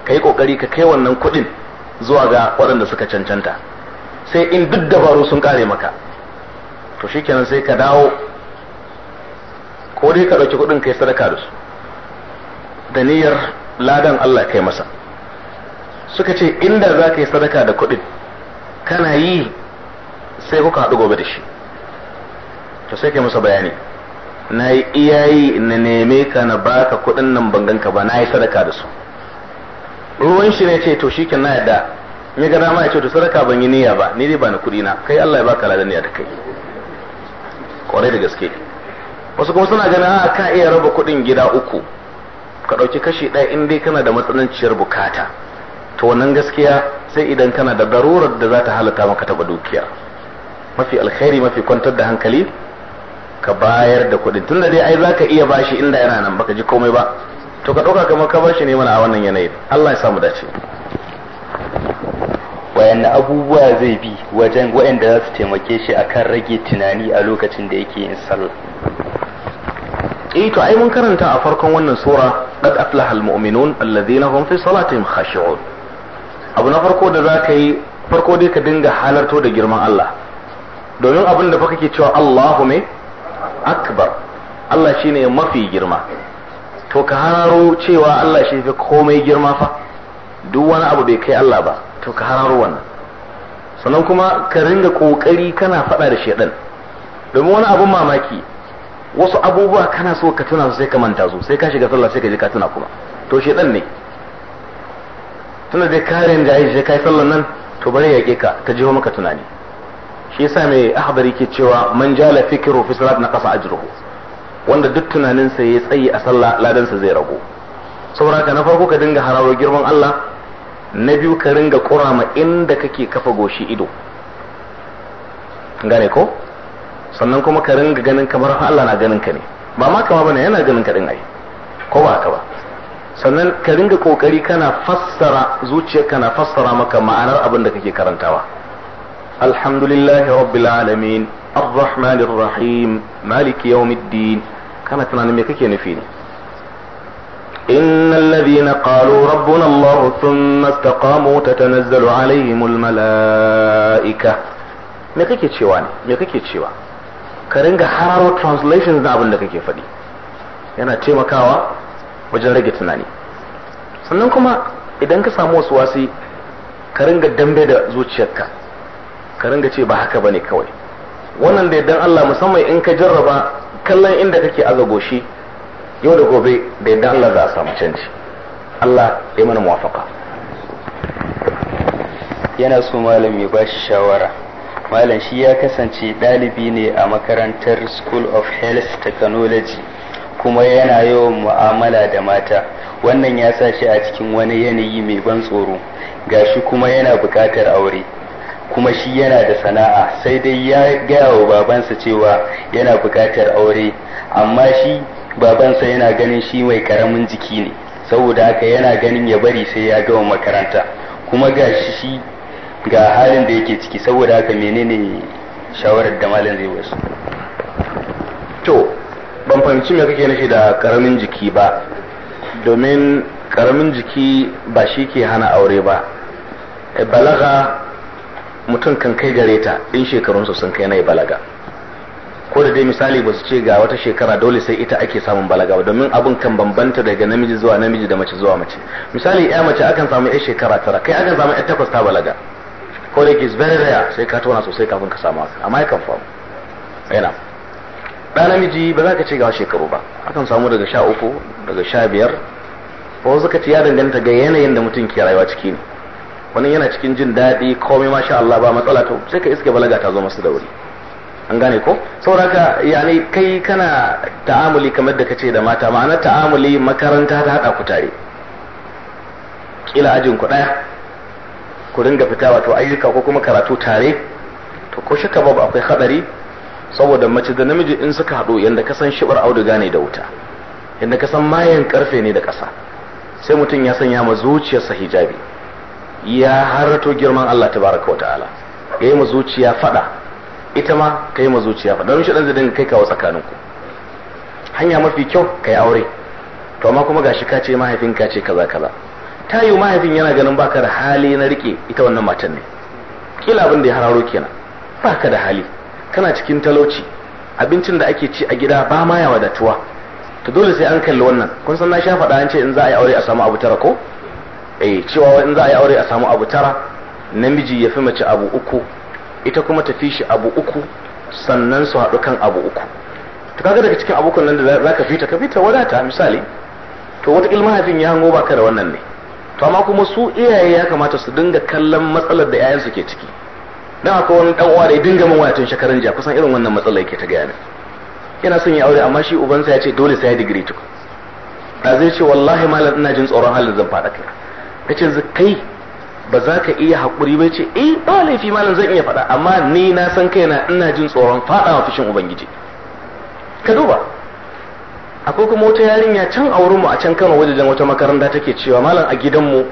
Speaker 1: ka yi ƙoƙari ka kai wannan kuɗin zuwa ga waɗanda suka cancanta sai in duk dabaru sun kare maka to shikenan sai ka dawo ko dai ka ɗauki kuɗin kai sadaka da su da niyyar ladan Allah kai masa suka ce inda za ka yi sadaka da kuɗin kana yi sai kuka haɗu gobe da shi to sai kai masa bayani na yi iyayi na neme ka na baka kuɗin nan bangan ka ba na yi sadaka da su ruwan shi ne ce to shi na yadda ni ga dama ya ce to sadaka ban yi niyya ba ni dai ba na kuɗi na kai Allah ya baka ladan niyya da kai kwarai da gaske wasu kuma suna ganin a ka iya raba kuɗin gida uku ka ɗauki kashi ɗaya in dai kana da matsananciyar bukata to wannan gaskiya sai idan kana da darurar da za ta halatta maka taba dukiya mafi alkhairi mafi kwantar da hankali ka bayar da kuɗin tunda dai ai zaka iya bashi inda yana nan baka ji komai ba
Speaker 2: to ka ɗauka kamar ka bashi ne mana a wannan yanayin Allah ya samu dace wayanne abubuwa zai bi wajen wayanda za su taimake shi akan rage tunani a lokacin da yake yin sallah eh to ai mun karanta a farkon wannan
Speaker 1: sura qad aflaha almu'minun alladhina hum fi salatihim khashi'un abu na farko da za ka yi farko dai ka dinga halarto da girman Allah domin abin da fa kake cewa Allahu ne akbar Allah shine mafi girma to ka hararo cewa Allah shi fi komai girma fa duk wani abu bai kai Allah ba to ka hararo wannan sannan kuma ka ringa kokari kana faɗa da shedan domin wani abun mamaki wasu abubuwa kana so ka tuna su sai ka manta su sai ka shiga sallah sai ka je ka tuna kuma to shedan ne tana dai karin da sai kai sallan nan to bari ya ka ta jiho maka tunani shi yasa me ahbari ke cewa man jala fikru fi salat na qasa ajruhu wanda duk tunaninsa ya tsayi a sallah ladansa zai rago saboda na farko ka dinga harawo girman Allah na biyu ka ringa kurama inda kake kafa goshi ido gane ko sannan kuma ka ringa ganin kamar Allah na ganin ka ne ba ma kama bane yana ganin ka din ai ko ba ka ba sannan ka ringa kokari kana fassara zuciyar kana fassara maka ma'anar abin da kake karantawa alhamdulillahi rabbil alamin arrahmanir rahim maliki yawmiddin kana tunanin me kake nufi ne إن الذين قالوا ربنا الله ثم استقاموا تتنزل عليهم الملائكة me kake cewa ne me kake cewa ka ringa hararo translations na abin da kake faɗi yana taimakawa wajen rage tunani sannan kuma idan ka samu wasu wasi ka ringa dambe da zuciyarka ka ringa ce ba haka bane kawai wannan da idan Allah musamman in ka jarraba kallon inda kake aza yau da gobe da idan Allah
Speaker 2: za a samu canji Allah ya mana muwafaka yana so malam ya bashi shawara malam shi ya kasance ɗalibi ne a makarantar school of health technology kuma yana yawan mu'amala da mata wannan ya sa shi a cikin wani yanayi mai ban tsoro ga shi kuma yana buƙatar aure kuma shi yana da sana'a sai dai ya gaya wa babansa cewa yana buƙatar aure amma shi babansa yana ganin shi mai karamin jiki ne saboda haka yana ganin ya bari sai ya gama makaranta kuma gashi shi ga halin da yake ciki saboda haka menene shawarar da malam zai wasu to ban fahimci me kake nufi da karamin jiki ba
Speaker 1: domin karamin jiki ba shi ke hana aure ba e, balaga mutum kan kai gare ta in shekarunsa sun kai na balaga ko da dai misali ba su ce ga wata shekara dole sai ita ake samun balaga ba domin abin kan bambanta daga namiji zuwa namiji da mace zuwa mace misali ya mace akan samu ya shekara tara kai akan samu ya takwas ta balaga
Speaker 3: ko da ke very rare
Speaker 1: sai ka tona sosai kafin ka samu haka amma ya kan famu yana ɗa namiji ba za ka ce ga shekaru ba akan samu daga sha uku daga sha biyar ba wasu ka ce ya danganta ga yanayin da mutum ke rayuwa ciki ne wani yana cikin jin daɗi komai masha Allah ba matsala to sai ka iske balaga ta zo masu da wuri an gane ko sauraka yani kai kana ta'amuli kamar da ka ce da mata ma'ana ta'amuli makaranta ta haɗa ku tare kila ajin ku ɗaya ku dinga fita wato ayyuka ko kuma karatu tare to ko shaka babu akwai hadari saboda mace da namiji in suka haɗu yadda ka san shibar auduga ne da wuta yadda ka san mayan karfe ne da ƙasa sai mutum ya sanya ma zuciyarsa hijabi ya harato girman Allah ta baraka wa ta'ala ya yi ma zuciya fada ita ma ka yi ma zuciya fada don shi dan zai kai kawo tsakaninku hanya mafi kyau ka yi aure to amma kuma gashi ka ce mahaifin ka ce kaza kaza ta yi mahaifin yana ganin baka da hali na rike ita wannan matan ne kila abin da ya hararo kenan baka da hali kana cikin talauci abincin da ake ci a gida ba ma ya wadatuwa to dole sai an kalli wannan kun san na sha faɗa an ce in za a yi aure a samu abu tara ko eh cewa in za a yi aure a samu abu tara namiji ya fi mace abu uku ita kuma ta fi shi abu uku sannan su haɗu kan abu uku to kaga daga cikin abokan nan da za ka fita ka fita wadata misali to wata ilmahafin ya hango baka da wannan ne to amma kuma su iyaye ya kamata su dinga kallon matsalar da 'ya'yansu ke ciki dan akwai wani dan uwa da ya dinga min wani tun shekaran jiya kusan irin wannan matsala yake ta gaya yana son ya aure amma shi ubansa ya ce dole sai ya digiri tuk da zai ce wallahi malam ina jin tsoron halin zan faɗa kai kace kai ba za ka iya hakuri ba ce eh ba laifi malam zan iya faɗa amma ni na san kaina ina jin tsoron faɗawa fushin ubangiji ka duba akwai kuma wata yarinya can a mu a can kano wajen wata makaranta take cewa malam a gidanmu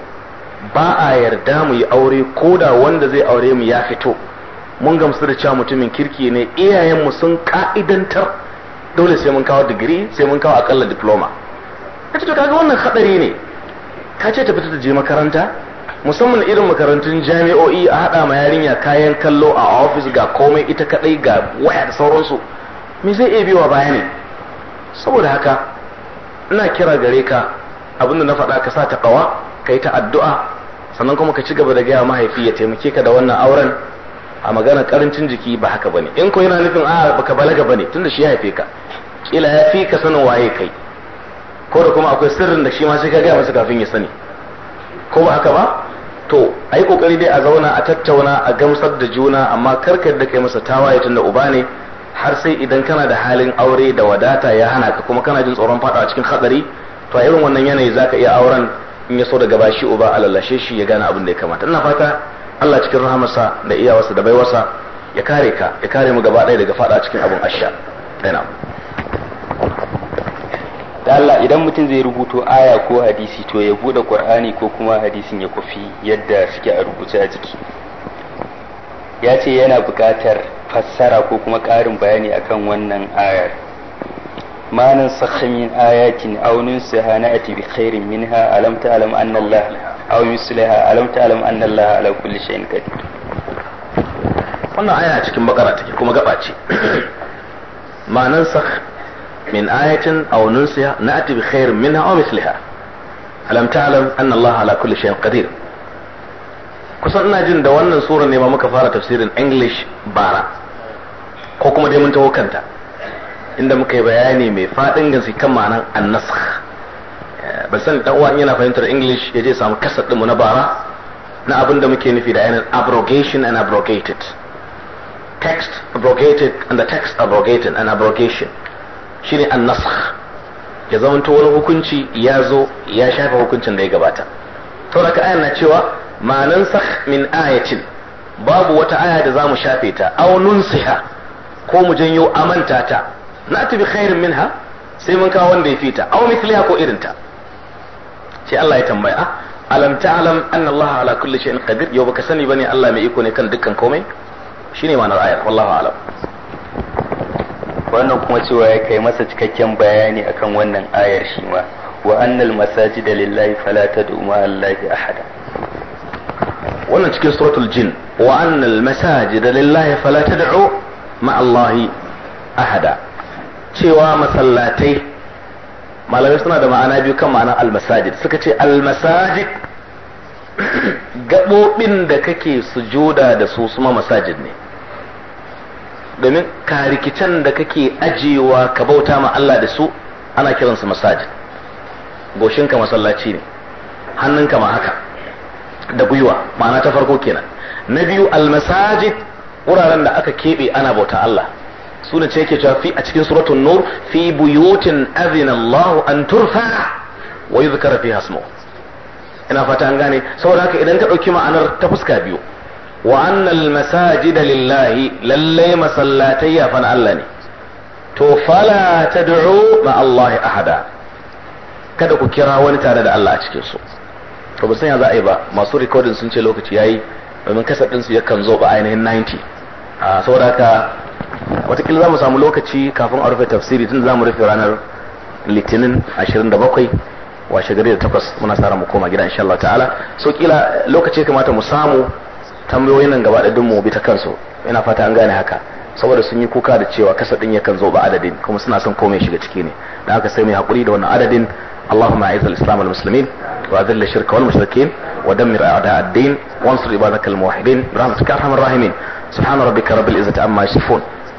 Speaker 1: ba a yarda mu yi aure ko da wanda zai aure mu ya fito mun gamsu da cewa mutumin kirki ne iyayenmu sun ka'idantar dole sai mun kawo digiri sai mun kawo akalla diploma ka ce kaga wannan hadari ne ka ce ta fita ta je makaranta musamman irin makarantun jami'o'i a hada ma yarinya kayan kallo a ofis ga komai ita kadai ga waya da sauransu me zai iya biyo baya ne saboda haka ina kira gare ka abinda na faɗa ka sa ta kawa kai ta addu'a sannan kuma ka ci gaba da gaya mahaifi ya taimake ka da wannan auren a magana karancin jiki ba haka bane in ko yana nufin a baka balaga bane tunda shi ya haife ka kila ya fi ka sanin waye kai ko da kuma akwai sirrin da shi ma sai ka gaya masa kafin ya sani ko ba haka ba to a kokari dai a zauna a tattauna a gamsar da juna amma karka da kai masa tawaye tunda uba ne har sai idan kana da halin aure da wadata ya hana ka kuma kana jin tsoron fada a cikin hadari to a irin wannan yanayi zaka iya auren in ya so daga bashi uba alalashe shi ya gane abin da ya kamata ina fata Allah cikin rahamarsa da iyawarsa da baiwarsa ya kare ka ya kare mu gaba ɗaya daga fada cikin abin
Speaker 2: asha ina da Allah idan mutum zai rubuto aya ko hadisi to ya bude Qur'ani ko kuma hadisin ya kofi yadda suke a rubuce a jiki ya ce yana buƙatar fassara ko kuma ƙarin bayani akan wannan ayar ما ننسخ من آيات أو ننسها نأتي بخير منها ألم تعلم أن الله أو مثلها ألم تعلم أن الله على كل شيء قدير
Speaker 1: wannan aya cikin bakara take kuma gaba ce Manan nansakh min ayatin aw nunsiha na'ti bi khairin minha aw mithliha alam ta'lam anna Allah ala kulli shay'in qadir kusan ina jin da wannan sura ne ma muka fara tafsirin English bara ko kuma dai mun taho kanta inda muka yi bayani mai faɗin gaske kan ma'anar annasa eh, ba san dan uwa yana fahimtar english ya je samu kasar ɗinmu na bara na abin da muke nufi da yanar abrogation and abrogated text abrogated and the text abrogated and abrogation shine annasa ya zamanto wani hukunci ya zo ya shafe hukuncin da ya gabata saboda ayan na cewa ma'anar sakmin min ayatin babu wata aya da za mu shafe ta aw nunsiha ko mu janyo amanta ta na'ti bi khairin minha sai mun kawo wanda ya fita aw mithliha ko irin ta sai Allah ya tambaya ah alam ta'lam anna Allah ala kulli shay'in qadir yau baka sani
Speaker 2: bane Allah mai iko ne kan dukkan komai shine ma'anar ayar wallahu a'lam wannan kuma cewa ya kai masa cikakken bayani akan wannan ayar shi ma wa annal masajida lillahi fala tad'u ma allahi ahada
Speaker 1: wannan cikin suratul jin wa annal masajida lillahi fala tad'u ma allahi ahada cewa masallatai malamai suna da ma'ana biyu kan ma'anar almasajid suka ce almasajid gaɓoɓin da kake sujuda da su suma masajid ne domin karikitan da kake ajiyewa ka bauta ma Allah da su ana kiransu masajid goshinka masallaci ne hannunka ma haka da gwiwa ma'ana ta farko kenan na biyu almasajid wuraren da aka keɓe ana bauta Allah sune ce yake cewa fi a cikin suratul nur fi buyutin azina Allah an turfa wa yuzkara fiha ismu ina fata an gane saboda haka idan ka dauki ma'anar ta fuska biyu wa annal masajida lillahi lalle masallatai ya fan Allah ne to fala tad'u ma Allah ahada kada ku kira wani tare da Allah a cikin su to ba san ya za a yi ba masu recording sun ce lokaci yayi domin kasar su yakan zo ba ainihin 90 a ah, saboda haka watakila za mu samu lokaci kafin a rufe tafsiri tun za mu rufe ranar litinin 27 washe gari da takwas muna tsara mu koma gida insha ta'ala so kila lokaci kamata mu samu tambayoyin nan gaba da ɗin mu bi ta kansu ina fata an gane haka saboda sun yi kuka da cewa kasa din yakan zo ba adadin kuma suna son komai shiga ciki ne da haka sai mu hakuri da wannan adadin اللهم اعز الاسلام والمسلمين واذل الشرك والمشركين ودمر اعداء الدين وانصر عبادك الموحدين برحمتك ارحم الراحمين سبحان ربك رب العزه عما يصفون